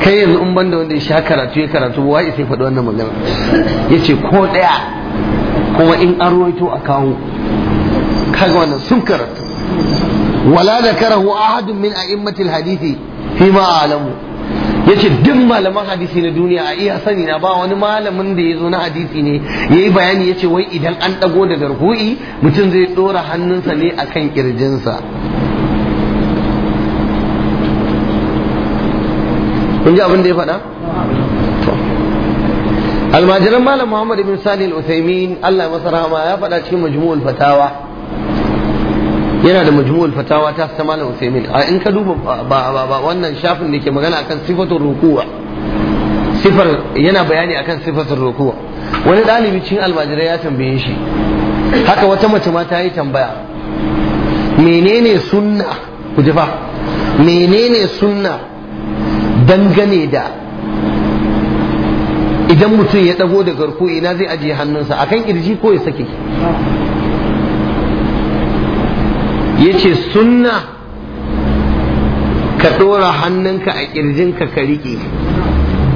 S1: kai yanzu in banda wanda ya sha karatu ya karatu ba wai sai faɗi wannan magana yace ko ɗaya kuma in an ruwaito a kawo kaga wannan sun karatu wala zakarahu ahadun min a'immatil hadisi fi ma alamu yace duk malaman hadisi na duniya a iya sani na ba wani malamin da ya zo na hadisi ne yayi bayani yace wai idan an dago daga ruku'i mutum zai dora hannunsa ne akan kirjinsa kun ji abin da ya faɗa almajiran malam muhammad ibn salih al-uthaymin Allah masa rahama ya faɗa cikin majmu'ul fatawa yana da majmu'ul fatawa ta ta malam Usaimin a in ka duba ba ba ba wannan shafin da ke magana akan sifatul ruku'a sifar yana bayani akan sifatul ruku'a wani dalibi cikin almajirai ya tambaye shi haka wata mace ma ta yi tambaya menene sunna ku ji fa menene sunna dangane da idan mutum ya dago da garko ina zai ajiye hannunsa akan kirji ko ya sake yace sunna ka ɗora hannunka a ƙirjinka ka riƙe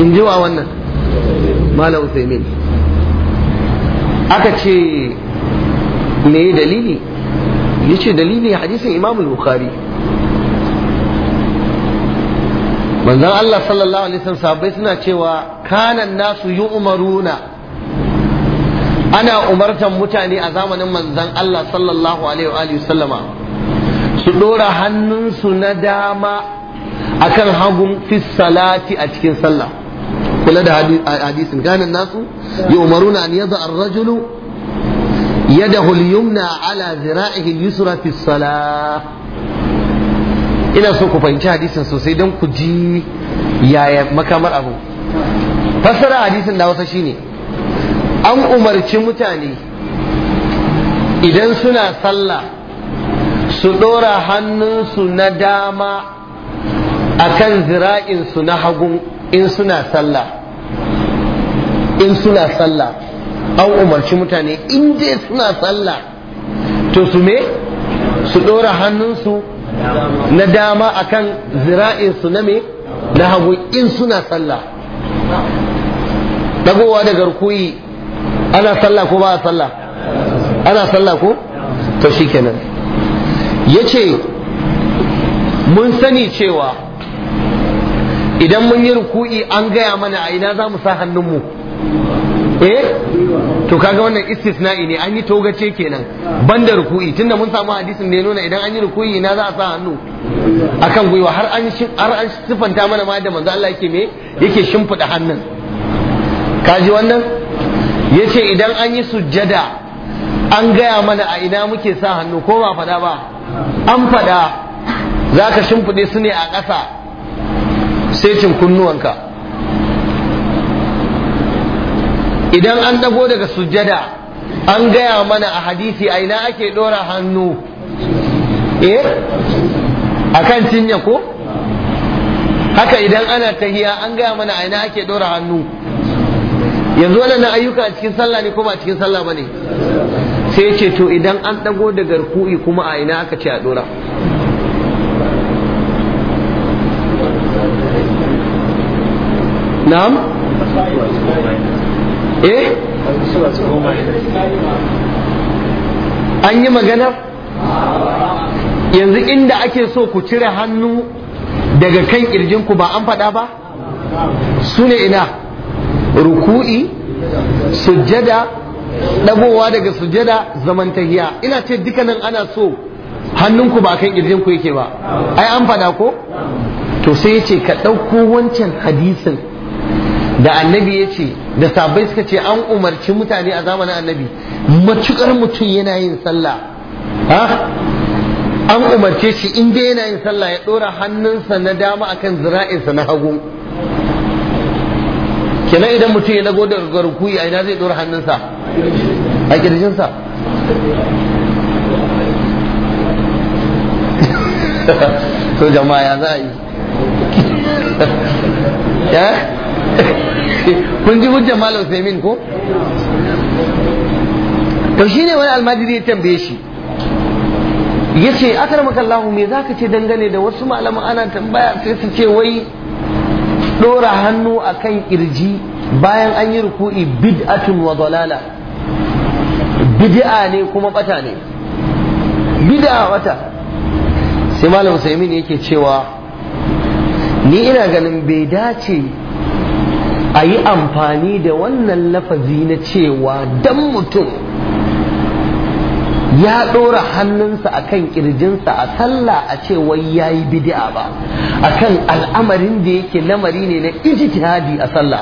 S1: in ji wa wannan malam usaimin aka ce me dalili yace dalili hadisin imam bukhari manzon Allah sallallahu alaihi wasallam sahabbai suna cewa kanan nasu yu'maruna ana umartan mutane a zamanin manzon Allah sallallahu alaihi wa sallama su ɗora hannunsu na dama akan hagun fisalati a cikin sallah kula da hadisin ganin nasu ya umaruna an yadda an rajulu yadda al na ala zira'ihi yusra fi ina so ku fahimci hadisin sosai don ku ji yaya makamar abu fassara hadisin da wasa shine an umarci mutane idan suna sallah su ɗora hannunsu na dama a kan zira'insu na hagu in suna sallah in suna sallah an umarci mutane in dai suna sallah to su me su ɗora hannunsu na dama a kan zira'insu na me na hagu in suna sallah dagowa da garkuyi ana sallah ko ba a sallah ana sallah ko to kenan. ya ce mun sani cewa idan mun yi ruku'i an gaya mana a ina za mu sa hannunmu eh to kaga wannan istisna'i ne an yi togace kenan banda ruku'i tunda mun samu hadisin da ya nuna idan an yi ruku'i ina za a sa hannu akan gwiwa har an har an sifanta mana ma da manzo Allah yake me yake shimfida hannun kaji wannan yace idan an yi sujjada an gaya mana a ina muke sa hannu ko ba fada ba an faɗa za ka shimfiɗe su ne a ƙasa sai cin kunnuwanka idan an dago daga sujjada an gaya mana a hadisi a ina ake ɗora hannu eh a kan cinya ko haka idan ana tahiya an gaya mana a ina ake ɗora hannu yanzu waɗannan ayyuka a cikin sallah ne ko a cikin sallah ba ne sai ce to idan an ɗago daga ruku'i kuma a ina aka ce a ɗora na'am eh an yi magana yanzu inda ake so ku cire hannu daga kan ƙirjinku ba an faɗa ba su ne ina ruku'i sujjada dagowa daga sujada zaman ina ce nan ana so hannunku ba kan ƙirjin ku yake ba ai an fada ko to sai yace ka ɗauko wancan hadisin da annabi ya ce da sabai suka ce an umarci mutane a zamanin annabi matukar mutum yana yin sallah an umarce shi in dai yana yin sallah ya ɗora hannunsa na dama akan zira'insa na hagu kenan idan mutum ya dago daga garkuyi a ina zai ɗora hannunsa a kirjinsa to jama'a ya za yi ya kun ji hujjar malam Usaimin ko to shi ne wani almajiri ya tambaye shi ya ce akarmakallahu me za ka ce dangane da wasu malaman ana tambaya sai su ce wai ɗora hannu a kan ƙirji bayan an yi ruku'i bid'atun wa dalala bid'a ne kuma bata ne bid'a wata sai malam Usaimin yake cewa ni ina ganin bai dace a yi amfani da wannan lafazi na cewa dan mutum ya ɗora hannunsa a kan ƙirjinsa a sallah a ce wai ya yi bidi'a ba a kan al'amarin da yake lamari ne na ijtihadi a sallah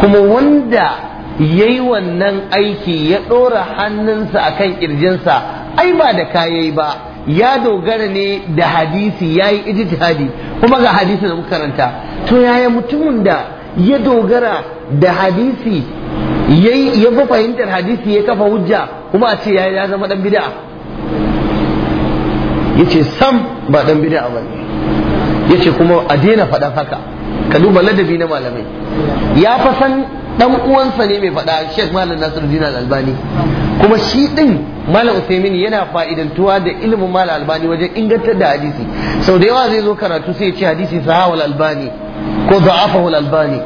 S1: kuma wanda yayi wannan aiki ya ɗora hannunsa akan ƙirjinsa ai ba da kayayi ba ya dogara ne da hadisi ya yi ijtihadi kuma ga hadisi da muka karanta to yaya mutumin da ya dogara da hadisi ya fi fahimtar hadisi ya kafa hujja kuma a ce ya zama dan bid'a ya ce sam ba dan bid'a ba ne ya ce kuma a daina faɗan haka ka duba ladabi na malamai ya fa san dan uwansa ne mai faɗa Sheikh Malam Nasiruddin Al-Albani kuma shi din Malam Usaimin yana fa'idantuwa da ilimin Malam Albani wajen ingantar da hadisi sau da yawa zai zo karatu sai ya ce hadisi sahawal Albani ko da'afahu Albani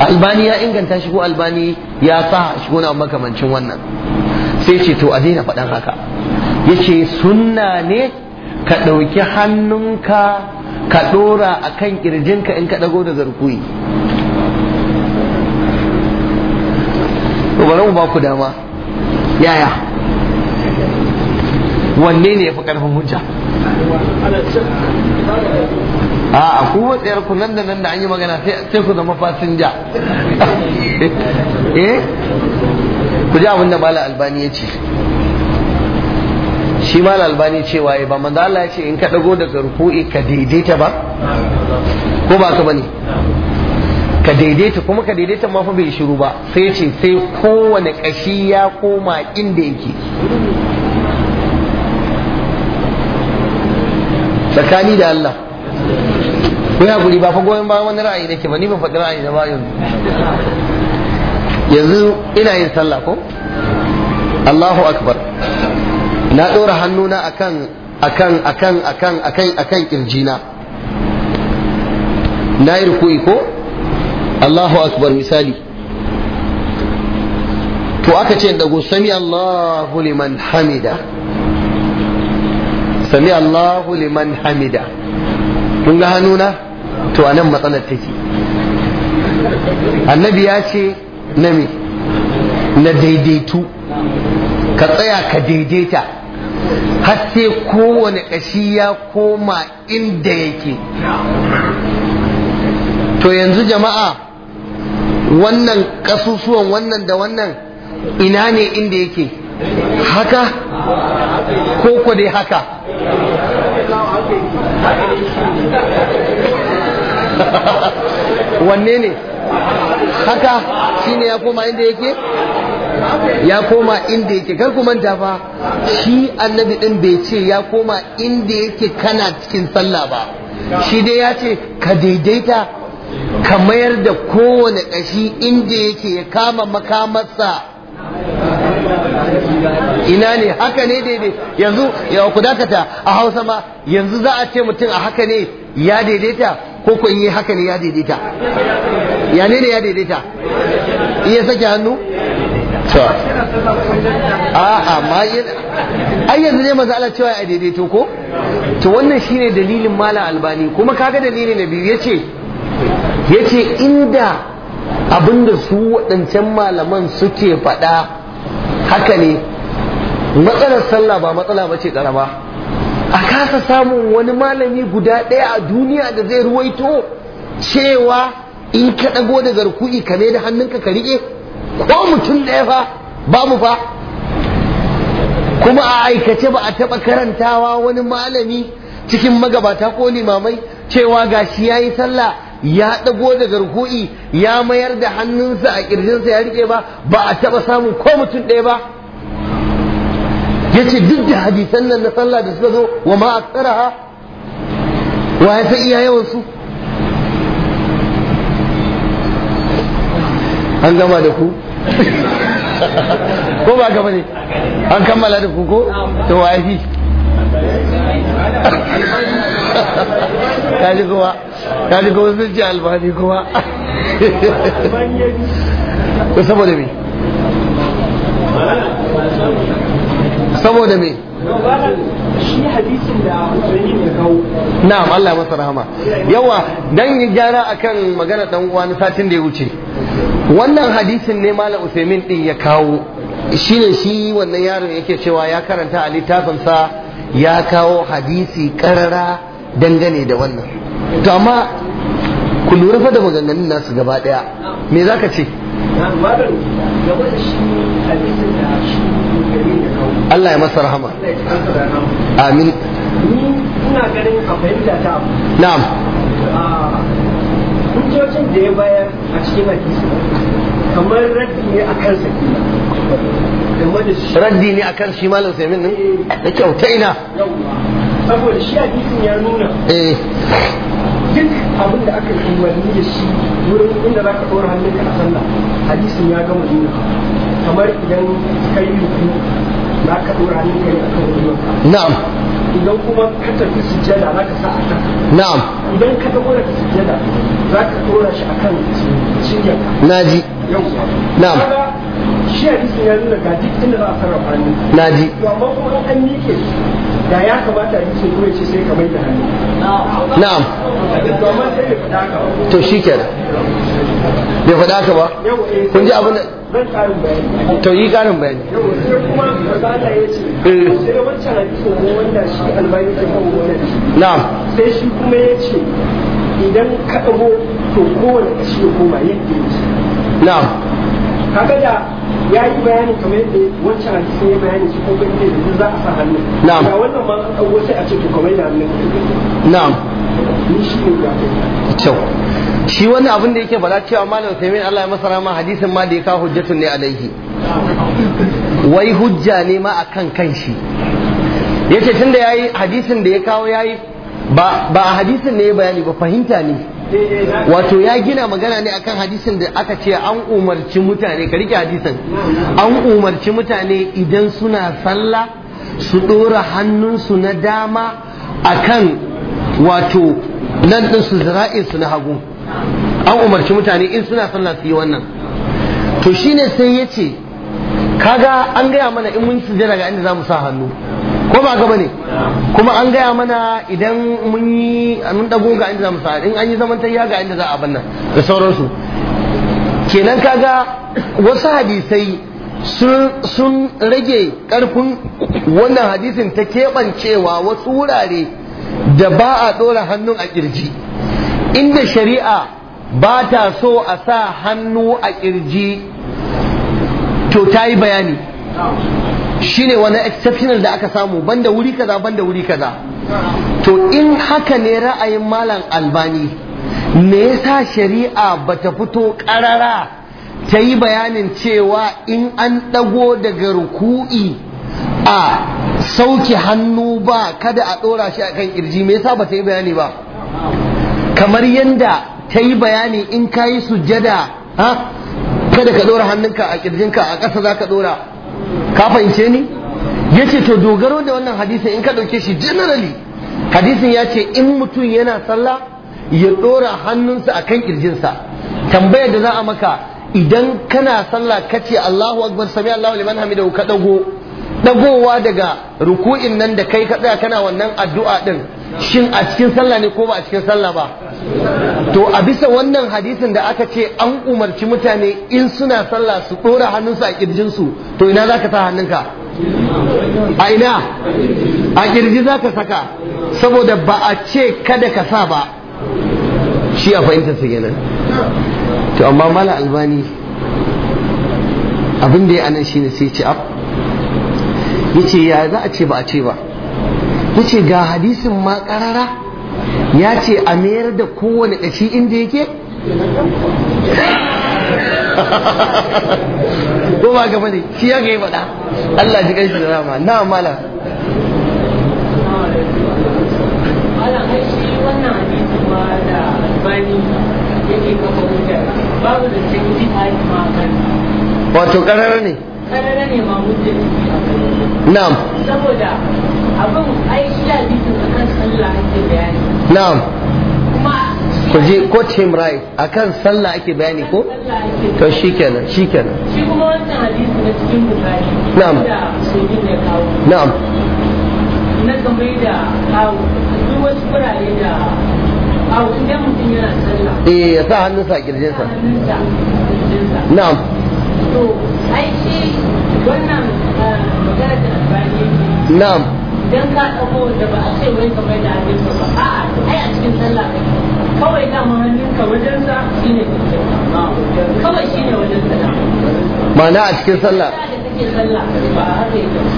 S1: Albani ya inganta shi ko Albani ya sa shi ko makamancin wannan sai ce to a daina faɗan haka yace sunna ne ka ɗauki hannunka ka ɗora a akan kirjinka in ka ɗago da zarkuyi bari mu ba ku dama yaya wanne ne ya fi karfin hujja a ku matsayar ku nan da nan da an yi magana sai ku zama fasinja eh ku ji abin da mala albani ya ce shi mala albani cewa ya ba manzo Allah ya ce in ka dago daga rufu’i ka daidaita ba ko ba ka bane ka daidaita kuma ka daidaita ma fa bai shiru ba sai ce sai kowane kashi ya koma inda yake tsakani da Allah ku ya guri ba fa goyon ba wani ra'ayi nake ba ni ba faɗi ra'ayi na ba yanzu yanzu ina yin sallah ko Allahu akbar na ɗora hannuna akan akan akan akan akan akan kirjina na yi rukuyi ko Allahu akbar misali to aka ce go sami Allahu liman hamida sami Allahu liman hamida kun ga hannuna to anan matsalar take annabi ya ce na me na daidaitu ka tsaya ka daidaita har sai kowane ƙashi ya koma inda yake to yanzu jama'a wannan kasusuwan wannan da wannan ina ne inda yake haka ko ko dai haka wanne ne haka shine ya koma inda yake ya koma inda yake kar ku manta fa shi annabi din bai ce ya koma inda yake kana cikin sallah ba shi dai ya ce ka daidaita ka mayar da kowane ƙashi inda yake ya kama makamarsa ina ne haka ne daidai yanzu ya ku dakata a hausa ma yanzu za a ce mutum a haka ne ya daidaita ko ko in yi haka ne ya daidaita ya ne ne ya daidaita iya sake hannu a a'a ma ai yanzu ne maza ala cewa ya daidaito ko to wannan shine dalilin mala albani kuma kaga dalili na biyu ya ce? yace inda abinda su waɗancan malaman suke faɗa haka ne matsalar sallah ba matsala ba ce ƙarama a kasa samun wani malami guda ɗaya a duniya da zai ruwaito cewa in ka ɗago da zarku'i ka da hannunka ka riƙe ko mutum ɗaya fa ba mu fa kuma a aikace ba a taɓa karantawa wani malami cikin magabata ko limamai cewa gashi ya yi sallah ya ɗago daga ruku'i ya mayar da hannunsa a kirjinsa ya rike ba ba a taba samun ko mutum ɗaya ba yace duk da hadisan nan na sallah da suka zo wa ma aktaraha wa ya san iya yawan su an gama da ku ko ba gama ne an kammala da ku ko to wa ya
S3: kaji
S1: kuma kaji kuma sun ce albani kuma saboda me saboda me na'am Allah masa rahama yawa dan yi gyara akan magana dan uwa na satin da ya wuce wannan hadisin ne malam Usaimin din ya kawo shine shi wannan yaron yake cewa ya karanta a littafinsa ya kawo hadisi karara dangane da wannan to amma ku lura fa da maganganun nasu gaba daya me zaka ce
S2: Allah ya masa rahama amin ina ganin a fahimta ta na'am ah,
S1: hujjojin da ya bayar a cikin hadisi kamar raddi ne a kan sa sakina raddi ne a kan shi malam min ne eh. da kyauta ina saboda shi hadisin ya nuna eh. duk abin da aka yi wani
S2: da shi wurin inda za ka ɗora hannunka a sallah hadisin ya gama nuna kamar idan ka yi ruku za ka ɗora hannun ne a kan wani na'am idan kuma ka tafi sujjada za ka sa a kan na'am idan ka ta daga sujjada za ka ɗora shi a kan na. naji na'am shi hadisin ya nuna ga duk inda za a sarrafa hannunka Na ji. amma kuma an miƙe da ya kamata in ce kuma ce sai ka mai da hannu na'am to shi kenan faɗa ka ba eh, kun ji abin to
S1: yi karin bayani
S2: na'am sai shi kuma ya ce idan ka ɗago to kowane ƙashi ya koma yadda ya ce na'am kaga da ya yi bayani kamar yadda wancan hadisi ya bayani su kuma ne da za a sa hannu na'am da wannan ma an dago sai a ce to kamar da hannun
S1: na'am ni shi ne ga kyau shi wani abin da yake bala cewa malam Usaimin Allah ya masa ma hadisin ma da ya kawo hujjatun ne alaihi wai hujja ne ma akan kanshi yace tunda yayi hadisin da ya kawo yayi ba ba hadisin ne ya bayani ba fahimta ne wato ya gina magana ne akan hadisin da aka ce an umarci mutane ka rike hadisin an umarci mutane idan suna sallah su ɗora hannunsu na dama akan wato nan ɗin su su na hagu an umarci mutane in suna sallah su yi wannan to shine sai ya ce kaga an gaya mana in mun sujada ga inda za mu sa hannu ko ba gaba ne kuma an gaya mana idan mun yi mun dago ga inda zamu sa in an yi zaman tayya ga inda za a banna da sauransu kenan kaga wasu hadisai sun rage karfin wannan hadisin ta keɓancewa wasu wurare da ba a ɗora hannun a kirji inda shari'a ba ta so a sa hannu a ƙirji to ta yi bayani Shi ne wani exceptional da aka samu banda wuri kaza banda wuri kaza to in haka ne ra'ayin malam albani me yasa shari'a bata fito karara ta yi bayanin cewa in an ɗago daga ruku'i a sauke hannu ba kada a ɗora shi a kan ƙirji me yasa bata yi bayani ba kamar yadda ta yi bayani in ka yi sujada, ha kada ka ɗora hannunka a kirjinka a ƙasa za ka ɗora ka fahimce ni yace to dogaro da wannan hadisin in ka dauke shi generally hadisin ya ce in mutum yana sallah ya dora hannunsa a kan kirjinsa tambayar da za a maka idan kana sallah kace Allahu akbar sami Allahu liman hamidahu ka dago dagowa daga ruku'in nan da kai ka tsaya kana wannan addu'a ɗin. shin a cikin sallah ne ko ba a cikin sallah ba to a bisa wannan hadisin da aka ce an umarci mutane in suna sallah su ɗora hannunsu a su, to ina za ka sa hannunka a ina a ƙirji za ka saka saboda ba a ce kada ka sa ba shi a fahimtar su kenan to amma mala albani abin da ya anan shine sai ce yi ce ya za a ce ba a ce ba ta ce ga hadisin ma karara ya ce a mayar da kowane ɗashi inda yake ko ba gaba ne shi ya gaya faɗa Allah ji kai shi da rama na mala wato ƙarara ne
S2: ƙarara ne ma mutum na'am saboda abin ai shi da akan sallah ake bayani
S1: na'am ku je ko timrai akan sallah ake bayani ko
S2: to shikenan shikenan shi kuma wannan hadisi na cikin bukari na'am na'am na game da kawo duk wasu kurare da kawo idan mutum yana sallah
S1: eh ya sa hannun sa kirjinsa
S2: na'am to ai shi wannan ah, magana da bayani na'am don ka ɗauko wanda ba a ce wai ka mai da abin ba a'a ai a cikin sallah ne kawai dama hannunka wajen sa shine kawai shine wajen sallah
S1: ma'ana a cikin sallah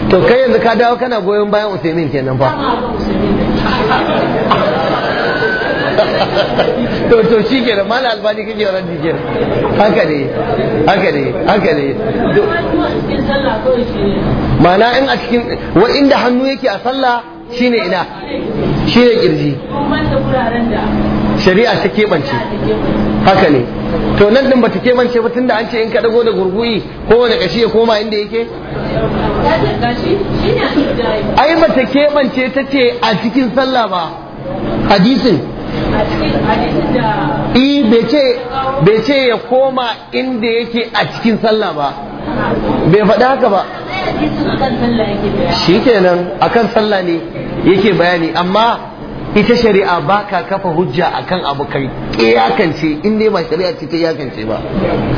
S1: to kai yanzu ka dawo kana goyon bayan usaimin kenan fa
S2: to
S1: to shi ke da mala albani kake ran raddi ke haka ne haka ne haka ne ma'ana in a cikin wa inda hannu yake a sallah shine ina shine kirji
S2: shari'a ta keɓance
S1: haka ne to nan din bata keɓance ba tunda an ce in ka dago da gurgui ko wani kashi ya koma inda yake ai bata keɓance ta ce a cikin sallah ba hadisin
S2: Eh,
S1: i bai ce ya koma inda yake a cikin sallah ba bai faɗi haka ba shi kenan akan sallah ne yake bayani amma ita shari'a ba ka kafa hujja akan abu kai iyakance in dai ba shari'a ce ta iyakance ba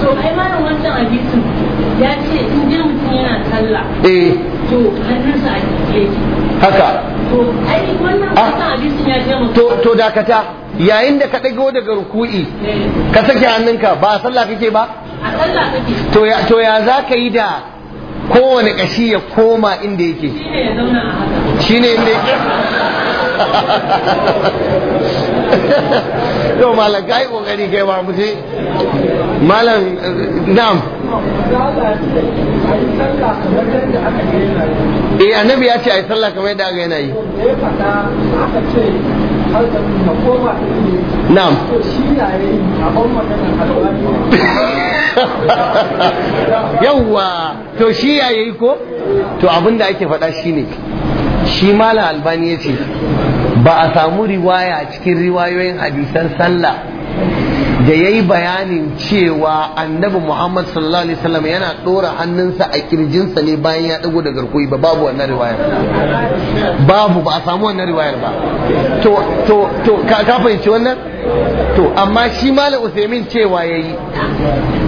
S2: So, ai malam wancan hadisin ya ce in dai mutum yana sallah eh to hannunsa a haka to ai wannan ah. wancan hadisin ya ce
S1: to dakata yayin da ka ɗago daga ruku'i ka sake hannunka ba a sallah kake ba to ya za ka yi da kowane ƙashi ya koma inda yake shi ne inda yake yau malam ka yi ƙoƙari kai ba mu malam nam eh annabi ya ce a yi sallah kamar yadda aka yana yi yawwa to shi yi ko to abin da ake faɗa shine shi malam albani ya ce ba a samu riwaya cikin riwayoyin hadisan sallah da ya yi bayanin cewa annabi muhammad sallallahu alaihi wasallam yana ɗora hannunsa a kirjinsa ne bayan ya ɗago da garkuwi ba babu wannan riwayar babu ba a samu wannan riwayar ba to to to ka fahimci wannan to amma shi malam usaimin cewa ya yi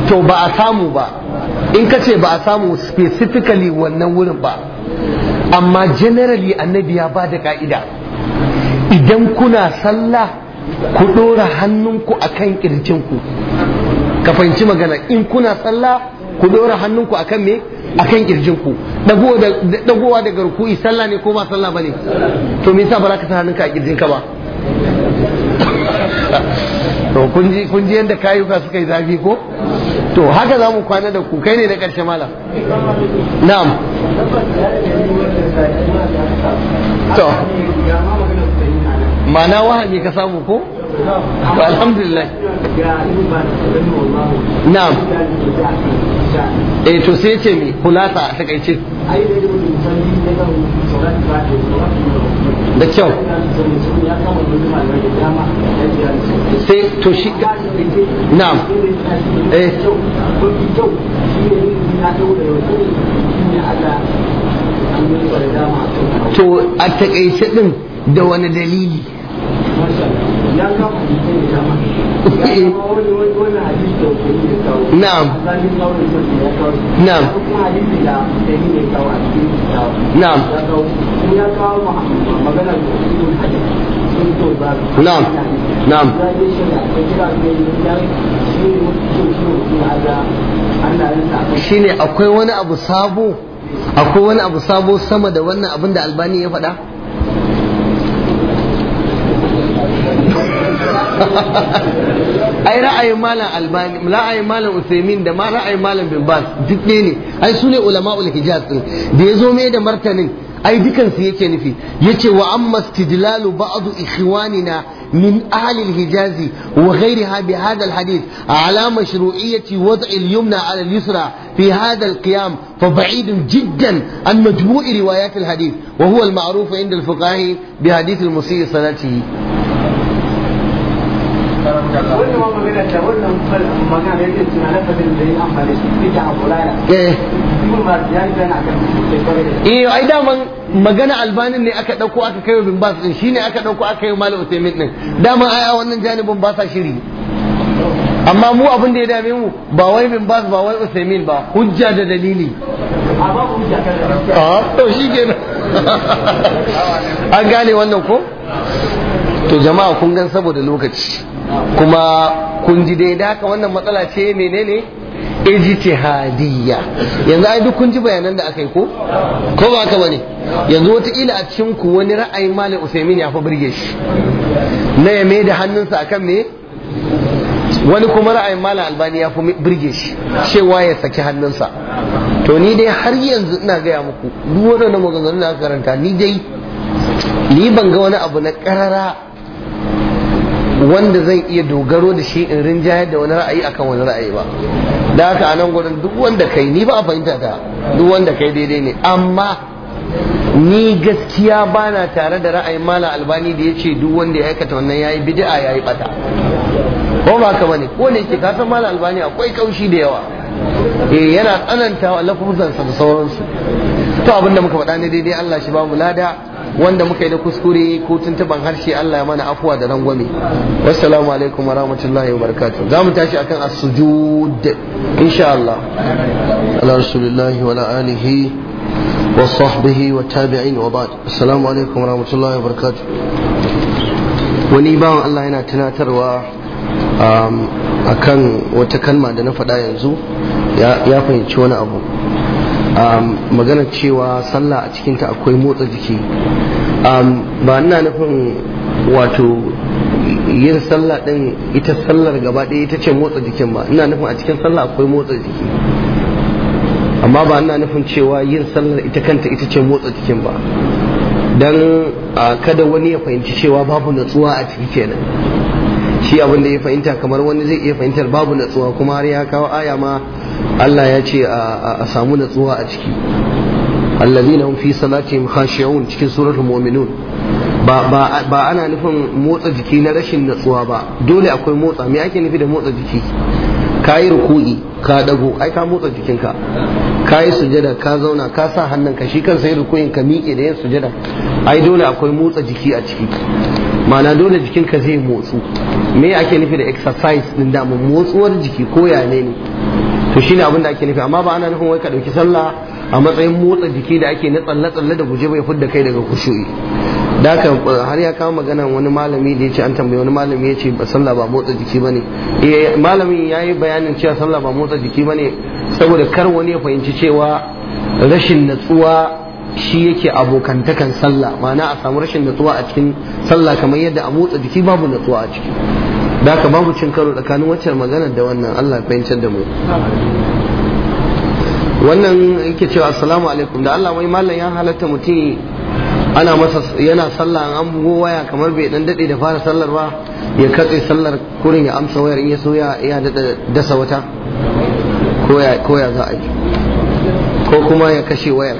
S1: to ba a samu ba in ka ce ba a samu specifically wannan wurin ba amma generally annabi ya ba da ka'ida idan kuna sallah ku ɗora hannunku a kan ƙirjinku ka fahimci magana in kuna sallah ku ɗora hannunku a kan me a kan ƙirjinku ɗagowa daga ruku'i sallah ne ko ba sallah ba ne to me yasa ba za ka sa hannunka a ƙirjinka ba to kun ji yadda kayuka suka yi zafi ko to haka za mu kwana da ku kai ne na ƙarshe mala na'am to ma'ana wahami ka samu ko
S2: alhamdulillah na'am eh to
S1: sai ce me kulata a takaice
S2: da kyau sai to shi na'am eh
S1: to a takaice din da wani dalili na'am akwai wani abu sabo akwai wani abu sabo sama da wannan abin da albani ya faɗa ai ra'ayin malam albani ra'ayin malam usaimin da ma ra'ayin malam bin bas duk ne ai sune ne ul hijaz din da ya zo mai da martanin ai dukansu yake nufi yace wa amma istidlalu ba'd ikhwanina min ahli al-hijaz wa ghayriha bi hadha al-hadith ala mashru'iyyati wad' al-yumna ala al-yusra fi hadha al-qiyam fa ba'id jiddan an majmu' riwayat al-hadith wa huwa al-ma'ruf 'inda al-fuqaha bi hadith al-musii salatihi
S2: da wannan magana da yake tunanin da amfani shi
S1: eh. eh ai daman magana albanin ne aka dauko aka kai bin bas ɗin shine aka dauko aka yi malam Usaimin din daman ai a wannan janibin ba sa shiri amma mu abin da ya dame mu ba wai bin bas ba wai Usaimin ba hujja da dalili
S2: a ah, to shi kenan
S1: an gane wannan ko to jama'a kun gan saboda lokaci kuma kun ji dai da wannan matsala ce menene ijtihadiyya yanzu ai duk kun ji bayanan da aka yi ko ko ba ka bane yanzu wataƙila a cikin ku wani ra'ayin malam usaimin ya fa burge shi na ya mai da hannunsa akan me wani kuma ra'ayin malam albani ya fi burge shi cewa ya saki hannunsa to ni dai har yanzu ina gaya muku duk maganganun da aka karanta ni dai ni ban ga wani abu na ƙarara wanda zan iya dogaro da shi in rinjayar da wani ra'ayi akan wani ra'ayi ba da haka a nan gurin duk wanda kai ni ba a fahimta ta duk wanda kai daidai ne amma ni gaskiya ba na tare da ra'ayin mala albani da ya ce duk wanda ya aikata wannan ya yi bid'a ya yi bata ko ba ka bane ko ne ke kasan mala albani akwai kaushi da yawa eh yana tsanantawa lafuzansa da sauransu to abinda muka faɗa ne daidai Allah shi ba lada wanda muka yi da kuskure ko tuntuban harshe Allah ya mana afuwa da rangwame wassalamu alaikum wa rahmatullahi wa barakatuh za mu tashi akan as-sujud insha Allah ala rasulillahi wa ala alihi wa sahbihi wa tabi'in wa ba'd assalamu alaikum wa rahmatullahi wa barakatuh wani bawan Allah yana tunatarwa um, akan wata kalma da na faɗa yanzu ya fahimci wani abu Um, magana cewa sallah a cikinta akwai motsa jiki um, ba ina nufin wato yin sallah din ita sallar gaba ɗaya ita ce motsa jikin ba ina nufin a cikin sallah akwai motsa jiki amma ba ina nufin cewa yin sallar ita kanta ita ce motsa jikin ba don uh, kada wani ya fahimci cewa babu natsuwa a ciki kenan shi abin da ya fahimta kamar wani zai iya fahimtar babu natsuwa kuma har ya kawo aya ma Allah ya ce a samu natsuwa a ciki allazi na fi salatihim khashi'un cikin surar mu'minun ba ana nufin motsa jiki na rashin natsuwa ba dole akwai motsa me ake nufi da motsa jiki ka yi ruku'i ka dago ai ka motsa jikinka ka yi sujada ka zauna ka sa hannun ka shi kan sai ruku'in ka miƙe da yin sujada ai dole akwai motsa jiki a ciki ma'ana dole jikinka zai motsu me ake nufi da exercise din da motsuwar jiki ko ya ne ne to shine abin da ake nufi amma ba ana nufin wai ka dauki sallah a matsayin motsa jiki da ake na tsalle tsalle da guje bai fudda kai daga kushoyi da eh, har ya kawo maganan wani malami da ya ce an tambayi wani malami ya ce sallah ba motsa jiki bane eh malamin ya yi bayanin cewa sallah ba motsa jiki bane saboda kar wani ya fahimci cewa rashin natsuwa shi yake abokantakan sallah ma'ana a samu rashin natsuwa a cikin sallah kamar yadda a motsa jiki babu natsuwa a ciki da ka babu cin karo tsakanin waccan magana da wannan Allah fahimtar da mu wannan yake cewa assalamu alaikum da Allah mai malam ya halatta mutum ana masa yana sallah an bugo waya kamar bai dan dade da fara sallar ba ya katse sallar kurin ya amsa wayar in ya so ya ya dasa wata ko ya za a yi ko kuma ya kashe wayar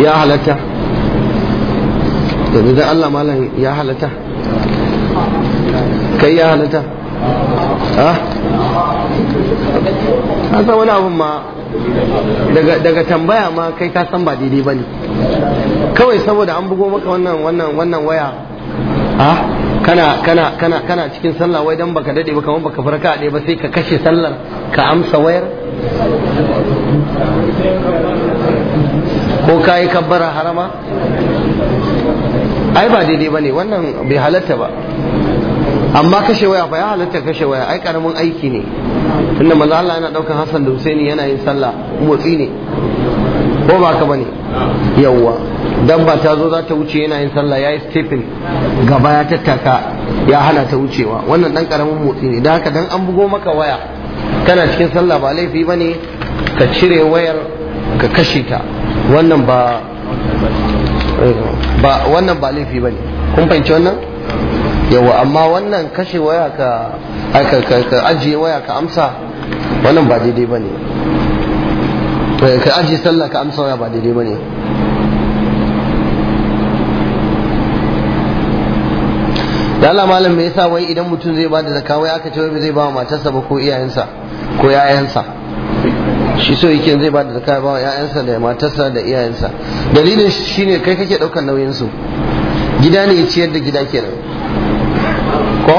S1: ya halatta yanzu da Allah malam ya halatta kai ya halatta ha san wani abun ma daga tambaya ma kai ka san ba daidai ba ne kawai saboda an bugo maka wannan wannan wannan waya ha kana kana kana kana cikin sallah wai dan baka dade ba kamar baka farka ɗaya ba sai ka kashe sallar ka amsa wayar
S3: ko ka yi kabbara
S1: harama ai ba daidai ba ne wannan bai halatta ba amma kashe waya fa ya halatta kashe waya ai karamin aiki ne tunda manzo Allah yana daukan Hassan da Husaini yana yin sallah motsi ne ko ba ka bane dan ba ta zo za ta wuce yana yin sallah yayi stepping gaba ya tattaka ya hana ta wucewa wannan dan karamin motsi ne dan haka dan an bugo maka waya kana cikin sallah ba laifi bane ka cire wayar ka kashe ta wannan ba ba wannan ba laifi ba ne kun fahimci wannan yawa amma wannan kashe waya ka ka ajiye waya ka amsa wannan ba daidai ba ne eh, ka ajiye sallah ka amsa waya ba daidai ba ne Allah malam me yasa wai idan mutum zai ba da ya kace aka ce wai zai ba matarsa ba ko iyayensa ko yayansa shi so yake zai ba da zakka ba ƴaƴansa da matarsa da iyayensa dalilin shine kai kake daukar nauyin su gida ne ciyar da gida kenan ko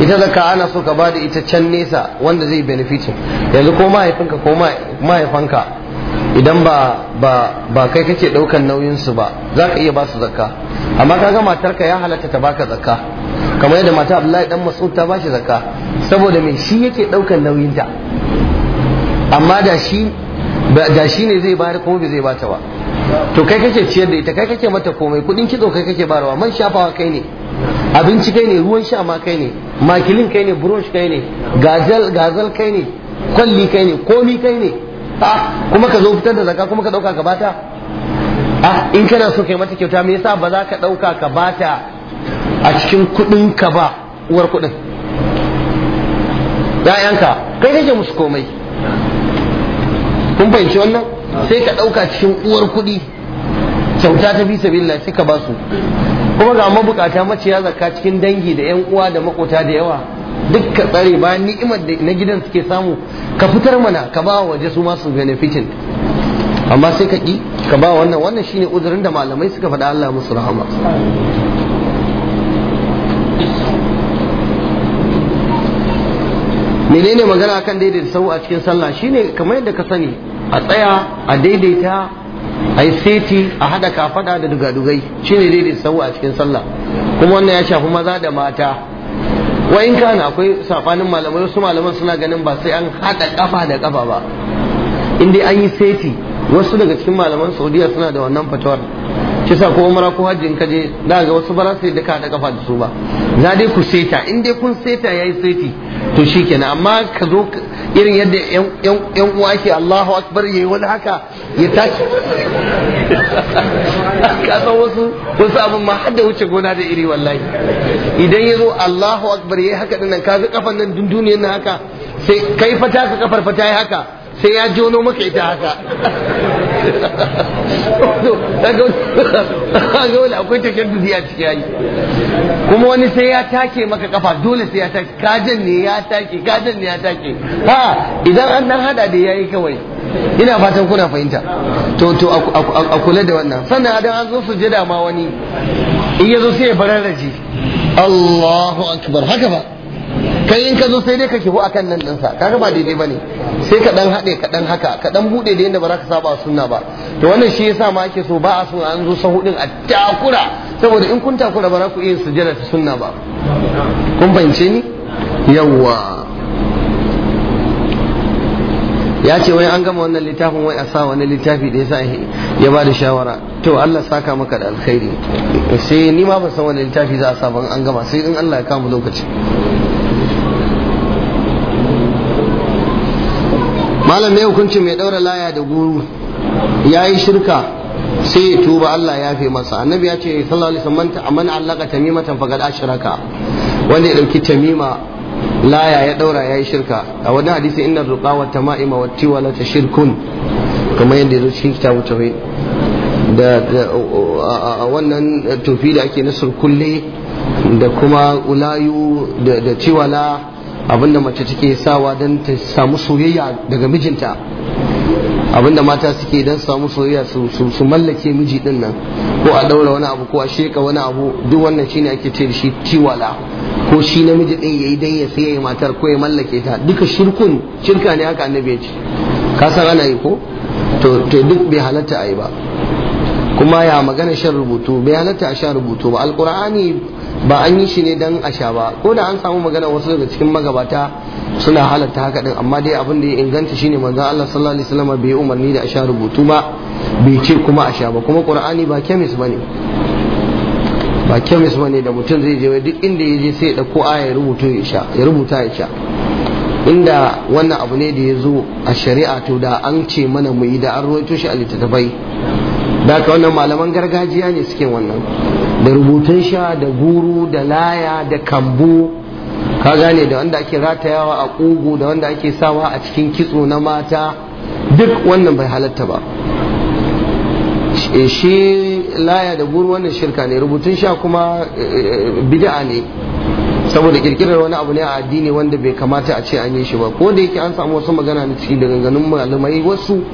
S1: ita zakka ana so ka ba da ita can nesa wanda zai benefitin yanzu ko mahaifinka ko mahaifanka idan ba ba ba kai kake daukar nauyin su ba za ka iya ba su zakka amma kaga matarka ya halatta ta baka zakka kamar yadda mata Abdullahi dan Mas'ud ta bashi zakka saboda me shi yake daukar nauyin ta amma da shi da shi ne zai bayar kuma bai zai bata ba to kai kake ciyar da ita kai kake mata komai kudin kitso kai kake barawa man shafawa kai ne abinci kai ne ruwan sha ma kai ne makilin kai ne brush kai ne gazal gazal kai ne kwalli kai ne komi kai ne ah, kuma ka zo fitar da zaka kuma ka dauka ka bata a ah, in kana so kai mata kyauta me yasa ba za ka dauka ka bata a cikin kudin ka ba uwar kudin ya'yanka kai kake musu komai kun fahimci wannan sai ka ɗauka cikin uwar kuɗi kyauta ta fi sabilla sai ka ba su kuma ga mabukata maciya zakka cikin dangi da yan uwa da makota da yawa duk ka tsare bayan ni'imar da na gidan suke samu ka fitar mana ka ba wa waje su masu benefitin amma sai ka ki ka ba wannan wannan shine uzurin da malamai suka faɗa Allah musu rahama menene magana kan daidaita sahu a cikin sallah shine kamar yadda ka sani a tsaya a daidaita a yi seti a hada kafada da dugadugai shine daidaita sahu a cikin sallah kuma wannan ya shafi maza da mata wa in kana akwai safanin malamai wasu malaman suna ganin ba sai an hada kafa da kafa ba in dai an yi seti wasu daga cikin malaman saudiya suna da wannan fatawar shi sa ko umara ko hajji in ka je za ga wasu ba za su yi duka da kafa da su ba za dai ku seta in dai kun seta yayi seti to shikenan amma ka zo irin yadda yan uwa ke Allahu akbar yayi wani haka ya tashi ka san wasu wasu abin ma har da wuce gona da iri wallahi idan ya zo Allahu akbar yayi haka dinnan ka ga kafan nan dunduniyar nan haka sai kai fata ka kafar fata yayi haka sai ya wani maka ita haka ga wani akwai tafiyar da a ciki yayi kuma wani sai ya take maka kafa dole sai ya take kajan ne ya take kajan ne ya take ha idan an dan hada da yayi kawai ina fatan kuna fahimta to to a kula da wannan sannan idan an zo sujada ma wani in sai ya bararraji Allahu akbar haka ba kai in ka zo sai dai ka kihu kan nan ɗinsa kaga ba daidai ba ne sai ka dan haɗe ka dan haka ka dan buɗe da yadda ba za ka saba sunna ba to wannan shi yasa ma ake so ba a so an zo sahu a takura saboda in kun takura ba za ku iya sujjada ta sunna ba kun fahimce ni yawwa ya ce wai an gama wannan littafin wai a sa wani littafi da yasa ya ba da shawara to Allah saka maka da alkhairi sai ni ma ban san wani littafi za a sa ban an gama sai in Allah ya kama lokaci malam mai hukuncin mai daura laya da guru ya yi shirka sai ya tuba Allah ya fi masa annabi ya ce sallallahu alaihi wasallam man allaka tamimatan faqad ashraka wanda ya dauki tamima laya ya daura ya yi shirka a wani hadisi inna ruqa wa tama'ima wa tiwala ta shirkun kamar yadda yazo cikin kitabu tawhid da wannan tufi da ake nasar kulle da kuma ulayu da tiwala abinda mace take sawa don ta samu soyayya daga mijinta abinda mata suke don samu soyayya su mallake miji din nan ko a daura wani abu ko a sheka wani abu duk wannan shine ake ce da shi tiwala ko shi namiji din yayi dan ya sayi matar ko ya mallake ta duka shirkun shirka ne haka annabi ya ce ka san ana yi ko to to duk bai halatta a yi ba kuma ya magana shan rubutu bai halatta a shan rubutu ba alqur'ani ba an yi shi ne don a sha ba ko da an samu magana wasu daga cikin magabata suna halatta haka din amma dai abin da ya inganta shine manzon Allah sallallahu alaihi wasallam bai umarni da a sha rubutu ba bai ce kuma a sha ba kuma qur'ani ba kemis bane ba kemis bane da mutum zai je duk inda ya je sai ya dauko aya ya rubuta ya sha ya rubuta ya sha inda wannan abu ne da ya zo a shari'a to da an ce mana mu yi da an rawaito shi a littattafai da ka wannan malaman gargajiya ne suke wannan da rubutun sha da guru da laya da kambu ka gane da wanda ake ratayawa a ƙugu da wanda ake sawa a cikin kitso na mata duk wannan bai halatta ba shi laya da guru wannan shirka ne rubutun sha kuma eh, eh, bid'a ne saboda kirkirar wani abu ne a addini wanda bai kamata a ce an yi shi ba ko da yake an samu wasu magana na ciki da ganganun malamai wasu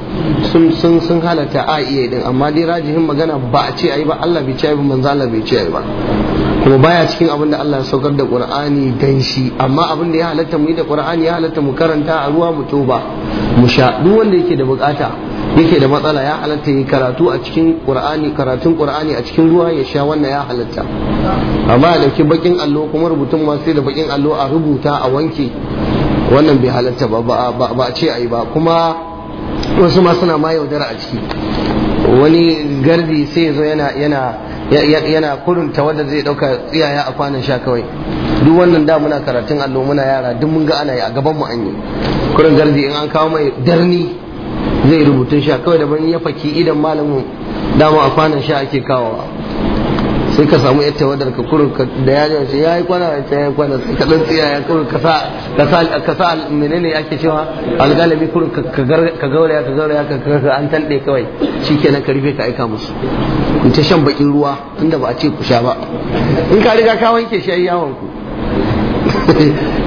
S1: sun sun sun halatta a iya din amma dai rajihin magana ba a ce ayi ba Allah bai ce ayi ba manzo Allah bai ce ayi ba kuma baya cikin abin da Allah ya saukar da Qur'ani dan shi amma abin da ya halatta mu yi da Qur'ani ya halatta mu karanta a ruwa mu toba mu sha duk wanda yake da bukata yake da matsala ya halatta yi karatu a cikin qur'ani karatun qur'ani a cikin ruwa ya sha wannan ya halatta amma a dauki bakin allo kuma rubutun ma sai da bakin allo a rubuta a wanke wannan bai halatta ba ba a ce ayi ba kuma wasu ma suna ma yaudara a ciki wani gardi sai ya zo yana yana yana kurunta wanda zai ɗauka tsiyaya a kwanan sha kawai duk wannan da muna karatun allo muna yara duk mun ga ana yi a gaban mu an yi kurin gardi in an kawo mai darni zai rubutun sha kawai daban ya faki idan malamin dama a kwanan sha ake kawowa sai ka samu yadda wadar ka kurun da ya jawo ya yi kwana ya yi kwana sai ka dan tsiya ya kurun ka sa menene ake cewa algalabi kurun ka gauraya ka gauraya ka ka an tanɗe kawai ke ka rufe ka aika musu in ta shan bakin ruwa inda ba a ce ku sha ba in ka riga ka wanke shi yayi yawon ku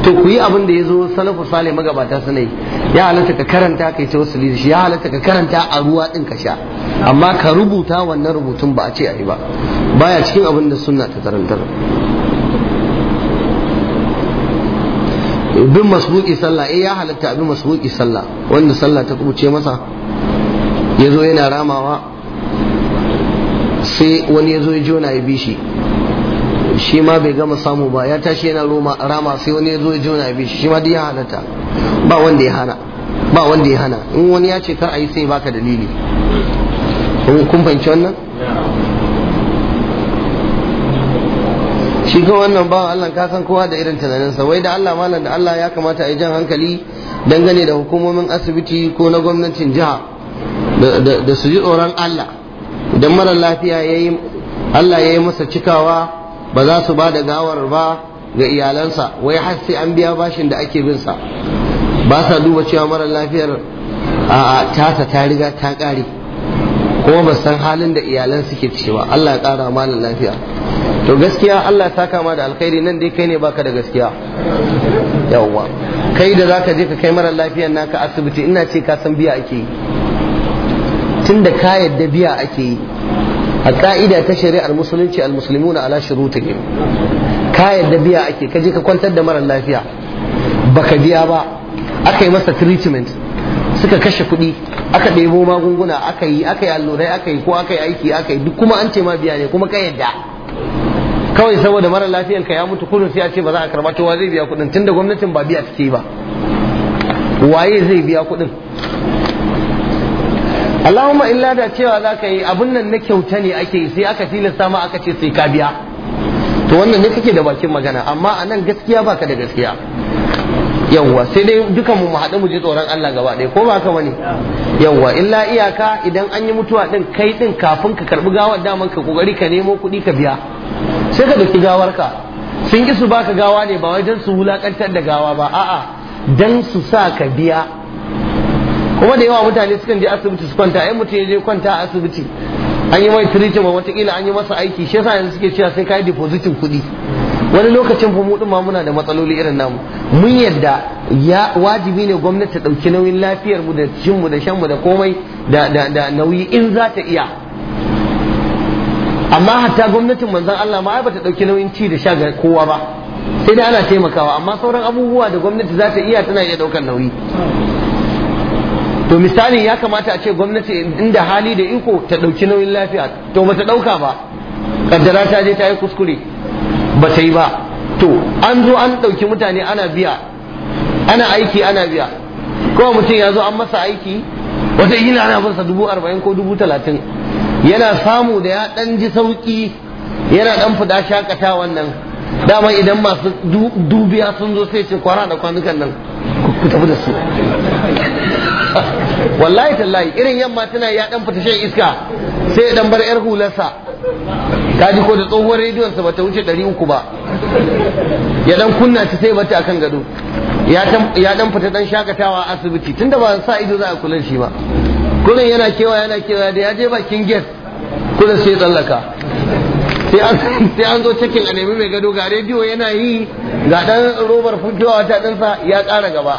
S1: to ku yi abin da ya zo salafu sale magabata suna yi ya halatta ka karanta kai ta wasu shi ya halatta ka karanta a ruwa ɗin ka sha amma ka rubuta wannan rubutun ba a ce a yi ba baya cikin abin da suna ta tarantar bin masbuki sallah eh ya halatta abin masbuki sallah wanda sallah ta kubuce masa ya zo yana ramawa sai wani ya zo ya jona ya bi shi shi ma bai gama samu ba ya tashi yana roma rama sai wani ya zo ya jona bi shi ma ya halatta ba wanda ya hana ba wanda ya hana in wani ya ce kar a yi sai baka dalili kun fahimci wannan shi kan wannan bawan Allah ka san kowa da irin tunaninsa wai da Allah malam da Allah ya kamata a yi jan hankali dangane da hukumomin asibiti ko na gwamnatin jiha da su ji tsoron Allah idan mara lafiya Allah ya yi masa cikawa ba za su ba da gawar ba ga iyalansa wai har sai an biya bashin da ake bin sa ba sa duba cewa mara lafiyar a tasa ta riga ta kare kuma ba san halin da iyalan suke ciki ba Allah ya kara malam lafiya to gaskiya Allah ta kama da alkhairi nan dai kai ne baka da gaskiya yawwa kai da zaka je ka kai mara lafiyar naka asibiti ina ce ka san biya ake yi tunda ka yadda biya ake yi a ka'ida ta shari'ar musulunci almuslimuna ala shurutihim ka yadda biya ake je ka kwantar da mara lafiya baka biya ba aka yi masa treatment suka kashe kuɗi aka ɗebo magunguna aka yi aka yi allurai aka yi ko aka yi aiki aka yi duk kuma an ce ma biya ne kuma ka yadda kawai saboda marar lafiyan ka ya mutu kullum sai a ce ba za a karba to zai biya kuɗin da gwamnatin ba biya take ba waye zai biya kuɗin Allahumma illa da cewa za ka yi abun nan na kyauta ne ake yi sai aka tilasta ma aka ce sai ka biya to wannan ne kake da bakin magana amma a nan gaskiya baka da gaskiya yawwa sai dai dukan mu haɗu mu ji tsoron Allah gaba ɗaya ko ba ka bane yawwa illa iyaka idan an yi mutuwa din kai din kafin ka karbi gawar daman ka kokari ka nemo kuɗi ka biya sai ka ɗauki gawar ka sun ki su baka gawa ne ba wai dan su wulakantar da gawa ba a'a dan su sa ka biya kuma da yawa mutane sukan je asibiti su kwanta ai mutum ya je kwanta a asibiti an yi mai treatment kila an yi masa aiki shi yasa yanzu suke cewa sai kai yi kuɗi wani lokacin fa mu ma muna da matsaloli irin namu mun yadda ya wajibi ne gwamnati ta ɗauki nauyin lafiyar mu da cin mu da shan mu da komai da da nauyi in za ta iya amma hatta gwamnatin manzon Allah ma ba ta ɗauki nauyin ci da sha ga kowa ba sai dai ana taimakawa amma sauran abubuwa da gwamnati za ta iya tana iya ɗaukar nauyi to misali ya kamata a ce gwamnati inda hali da iko ta ɗauki nauyin lafiya to ba ta ɗauka ba kaddara ta je ta yi kuskure ba ta yi ba to an zo an ɗauki mutane ana biya
S2: ana aiki ana
S1: biya kuma mutum ya zo an masa aiki wata yi ana masa dubu arba'in ko dubu talatin yana samu da ya ɗan ji sauƙi yana ɗan fida shakata wannan dama idan masu dubiya sun zo sai ce kwara da kwanukan nan ku tafi da su wallahi tallahi irin yamma tana ya dan fita shan iska sai dan bar yar hularsa kaji ko da tsohuwar rediyon sa bata wuce ɗari ba ya dan kunna ta sai bata akan gado ya dan fita dan shakatawa a asibiti tunda ba sa ido za a kula shi ba kullun yana kewa yana kewa da ya je bakin gate kullun sai tsallaka sai an zo cikin a nemi mai gado ga rediyo yana yi ga dan robar fitowa ta ɗansa ya kara gaba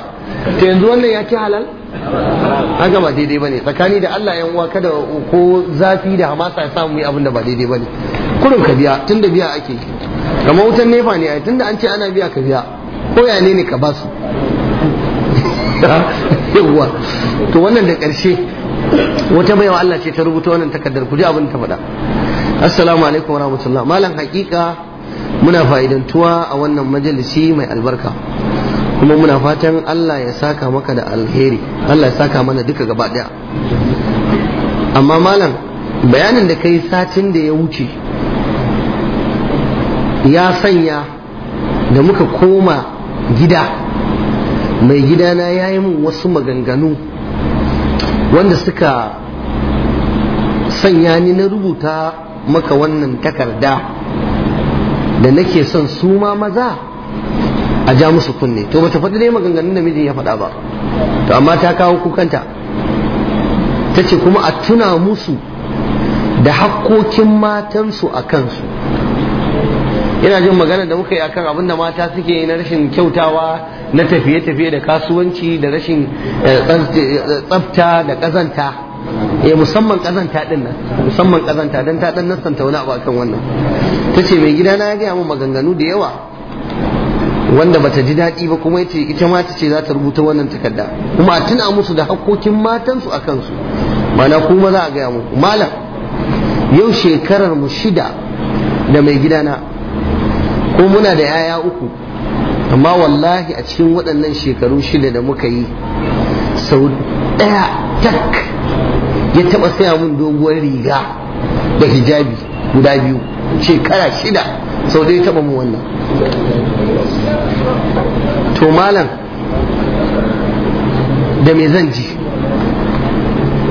S1: ta yanzu wannan ya ci halal haka ba daidai bane tsakani da Allah yan uwa kada ko zafi da hamasa ya samu yi abin da ba daidai bane kudin ka biya tunda biya ake kama wutan nefa ne ai tunda an ce ana biya ka biya ko ya ne ne ka basu yawwa to wannan da ƙarshe wata baiwa Allah ce ta rubuta wannan takardar ku ji abin ta faɗa assalamu alaikum warahmatullahi malam hakika muna fa'idantuwa a wannan majalisi mai albarka kuma muna fatan Allah ya saka maka da alheri Allah ya saka mana duka gaba daya amma malam bayanin da kai satin da ya wuce ya sanya da muka koma gida mai gidana ya yi min wasu maganganu wanda suka sanya ni na rubuta maka wannan takarda da nake son su ma maza a ja musu kunne to bata faɗi dai maganganun da mijin ya faɗa ba to amma ta kawo kukanta ta ce kuma a tuna musu da hakkokin matansu a kansu ina jin magana da muka yi akan abin da mata suke na rashin kyautawa na tafiye-tafiye da kasuwanci da rashin eh, eh, tsafta da kazanta ya eh, musamman kazanta din nan musamman kazanta don ta dan nasanta wani abu akan wannan ta ce mai gidana ya gaya min maganganu da yawa wanda bata ji daɗi ba kuma yace ita ma ta ce za ta rubuta wannan takarda kuma a tuna musu da hakkokin matansu a kansu mana kuma za a gaya muku malam yau shekarar mu shida da mai gidana ko muna da yaya uku amma wallahi a cikin waɗannan shekaru shida da muka yi sau ɗaya tak ya taɓa saya mun doguwar riga da hijabi guda biyu shekara shida sau ɗaya taɓa mu wannan to malam da me zan ji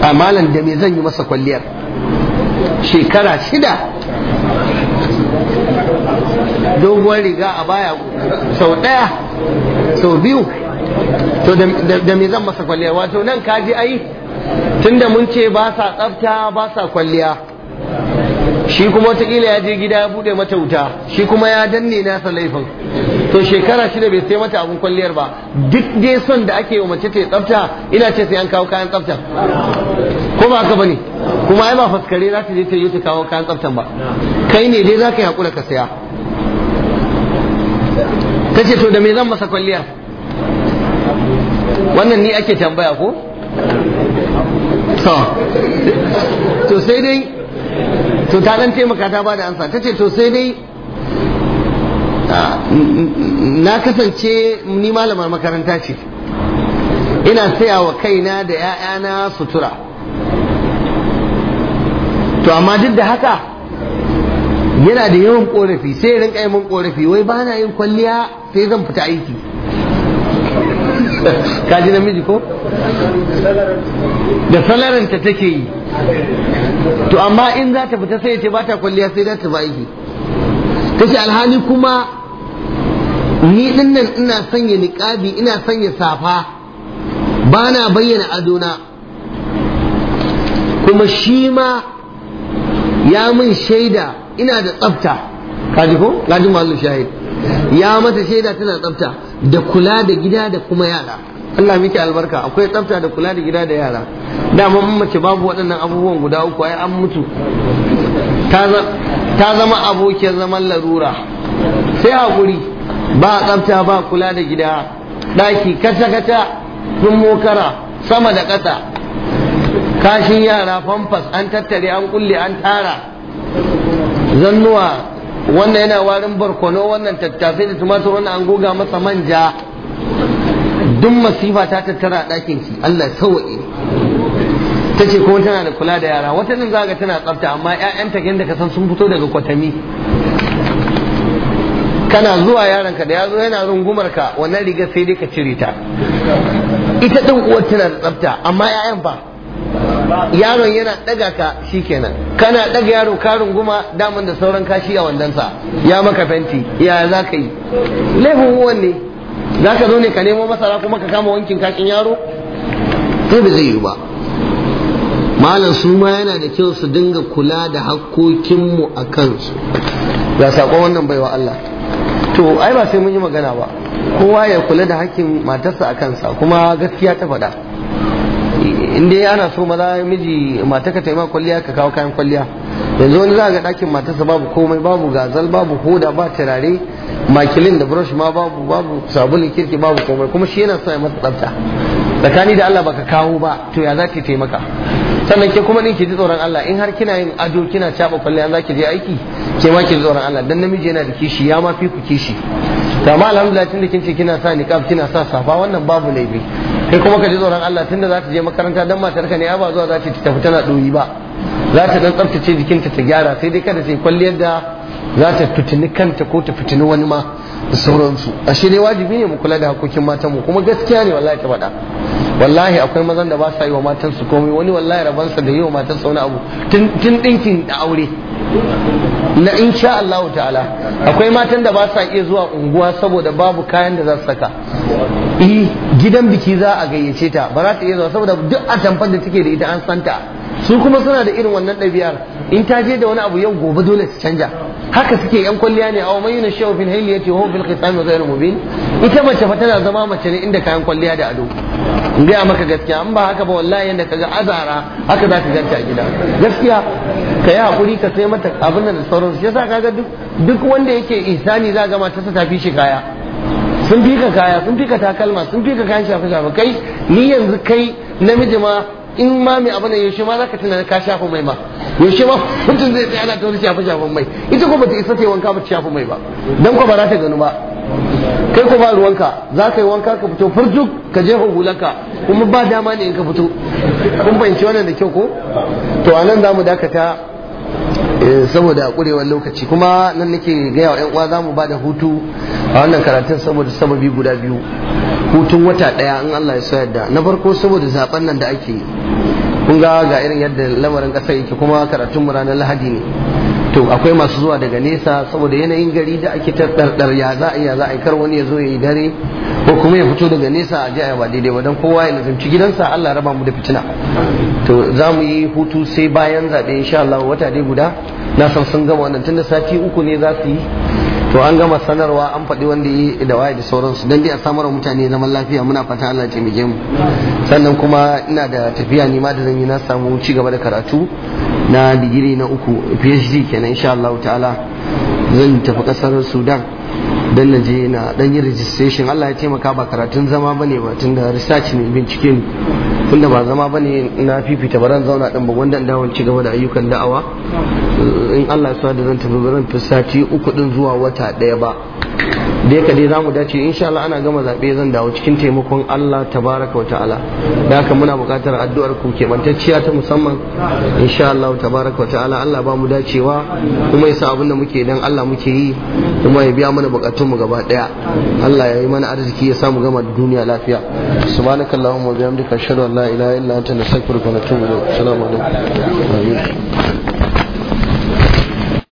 S1: a malam da me zan yi masa kwalliyar shekara shida doguwar riga a baya sau ɗaya sau biyu to da me zan masa kwalliyar wato nan kaji ai tunda mun ce ba sa tsafta ba sa kwalliya shi kuma watakila ya je gida ya bude mata wuta shi kuma ya danne nasa laifin to shekara shida bai sai mata abun kwalliyar ba duk dai son da ake wa mace ta tsafta ina ce sai an kawo kayan tsafta ko ba haka bane kuma ai ba faskare za ta je ta yi ta kawo kayan tsaftan ba kai ne dai za ka yi hakura ka saya ta ce to da me zan masa kwalliya wannan ni ake tambaya ko to sai dai to ta dan taimaka ta bada ansa tace to sai dai na kasance ni malamar makaranta ce ina saya wa kaina da 'ya'yana sutura to amma duk da haka yana da yawan korafi sai rinka yi min korafi wai ba na yin kwalliya sai zan fita aiki kaji namiji ko da salaranta take yi to amma in za ta fita sai ya ce ba ta kwalliya sai za ta ba aiki ta ce alhali kuma ni dinnan ina sanya niƙabi ina sanya safa ba na bayyana adona kuma shi ma ya min shaida ina da tsafta kaji ko kaji mallu shahid ya mata shaida tana tsafta da kula da gida da kuma yara Allah miki albarka akwai tsafta da kula da gida da yara dama mun mace babu waɗannan abubuwan guda uku ai an mutu ta zama abokin zaman larura sai hakuri ba tsafta ba kula da gida ɗaki kata-kata sun mokara sama da ƙasa kashin yara famfas an tattare an kulle an tara zannuwa wannan yana warin barkono wannan tattafai da tumatir wannan an goga masa manja duk masifa ta tattara a ɗakin ki Allah sauwaƙe ta ce kuma tana da kula da yara wata nan zaga tana tsafta amma ƴaƴanta yadda ka san sun fito daga kwatami kana zuwa yaronka da yazo yana rungumar ka wannan rigar sai dai ka cire ta ita din uwar tana da tsafta amma ƴaƴan fa yaron yana ɗaga ka shikenan kana ɗaga yaro ka runguma daman da sauran kashi a wandansa. ya maka fenti ya za ka yi laifin uwan ne za ka zo ne ka nemo masara kuma ka kama wankin kakin yaro sai ba zai yi ba malam su ma yana da kyau su dinga kula da hakokinmu a kansu ga saƙon wannan baiwa Allah to ai ba sai mun yi magana ba kowa ya kula da hakkin matarsa a kansa kuma gaskiya ta faɗa in dai ana so maza miji mata ka yi ma kwalliya ka kawo kayan kwalliya yanzu wani za ga ɗakin matarsa babu komai babu gazal babu hoda ba turare makilin da brush ma babu babu sabulin kirki babu komai kuma shi yana sa ya masa tsafta tsakani da Allah baka kawo ba to ya za ki taimaka sannan ke kuma ɗin ki ji tsoron Allah in har kina yin ado kina caɓa kwalliya za ki je aiki ke ma ki ji tsoron Allah dan namiji yana da kishi ya ma fi ku kishi amma alhamdulillah tunda kin ce kina sa niqab kina sa safa wannan babu laifi kai kuma ka ji tsoron Allah tunda za ta je makaranta dan matarka ne ya ba zuwa za ta tafi tana ɗoyi ba za ta dan tsaftace jikinta ta gyara sai dai kada ta yi kwalliyar da za ta fitini kanta ko ta fitini wani ma da sauransu ashe dai wajibi ne mu kula da hakokin matanmu kuma gaskiya ne wallahi ta faɗa wallahi akwai mazan da ba sa yi wa matansu komai wani wallahi rabansa da yi wa matan abu tun ɗinkin da aure na insha Allah ta'ala akwai matan da ba sa iya zuwa unguwa saboda babu kayan da za su saka eh gidan biki za a gayyace ta ba za ta iya zuwa saboda duk atamfar da take da ita an santa su kuma suna da irin wannan ɗabi'ar in ta je da wani abu yau gobe dole su canja haka suke yan kwalliya ne a aw mayyuna shaw fil hayli yati huwa fil qisam ghayr mubin ita mace fa tana zama mace ne inda kayan kwalliya da ado in ga maka gaskiya in ba haka ba wallahi yanda kaga azara haka za ka ganta a gida gaskiya ka yi hakuri ka sai mata abin da sauransu yasa kaga duk duk wanda yake ihsani za ga matarsa ta fi shi kaya sun fi kaya sun fi takalma sun fika kayan shafe shafe kai ni yanzu kai namiji ma in ma mai abu ne yaushe ma zaka tunanin ka shafa mai ma yaushe ma mutum zai tsaya ana ta wani shafa mai ita ko bata isa ta yi wanka ba ta shafa mai ba dan ko ba za ta gani ba kai ko ba ruwanka za ka yi wanka ka fito furjuk ka jefa hulanka kuma ba dama ne in ka fito kun fahimci wannan da kyau ko to anan za mu dakata eh, saboda kurewar lokaci kuma nan nake gaya wa 'yan uwa za mu ba da hutu a wannan karatun saboda sababi guda biyu hutun wata ɗaya in Allah ya so yadda na farko saboda zaben nan da ake kun ga ga irin yadda lamarin kasar yake kuma karatun ranar lahadi ne to akwai masu zuwa daga nesa saboda yanayin gari da ake tattardar ya za a ya za a kar wani ya zo ya yi dare ko kuma ya fito daga nesa a jiya ba daidai wadan kowa ya nazarci gidansa Allah raba mu da fitina to za mu yi hutu sai bayan zaɓe insha Allah wata dai guda na san sun gama wannan da sati uku ne za su yi to an gama sanarwa an faɗi wanda yi da waye da sauransu don dai a samar mutane zaman lafiya muna fatan Allah ce mu sannan kuma ina da tafiya nima da zan yi na samu ci gaba da karatu na digiri na uku PhD kenan insha Allah ta'ala zan tafi kasar Sudan don na je na dan yi registration Allah ya taimaka ba karatun zama bane ba tunda research ne bincike ne tunda ba zama bane na fifita ba ran zauna din ba wanda in dawo ci gaba da ayyukan da'awa in Allah ya sa da zan tafi ba zan fi sati uku din zuwa wata daya ba da yaka dai zamu dace insha Allah ana gama zabe zan dawo cikin taimakon Allah tabaraka wa ta'ala da haka muna buƙatar addu'ar ku bantacciya ta musamman insha Allah tabaraka wa ta'ala Allah ba mu dacewa kuma yasa abin da muke dan Allah muke yi kuma ya biya mana bukatun mu gaba daya Allah ya yi mana arziki ya samu gama duniya lafiya subhanakallahumma wa bihamdika ashhadu an la ilaha illa anta nastaghfiruka wa natubu ilaik assalamu alaikum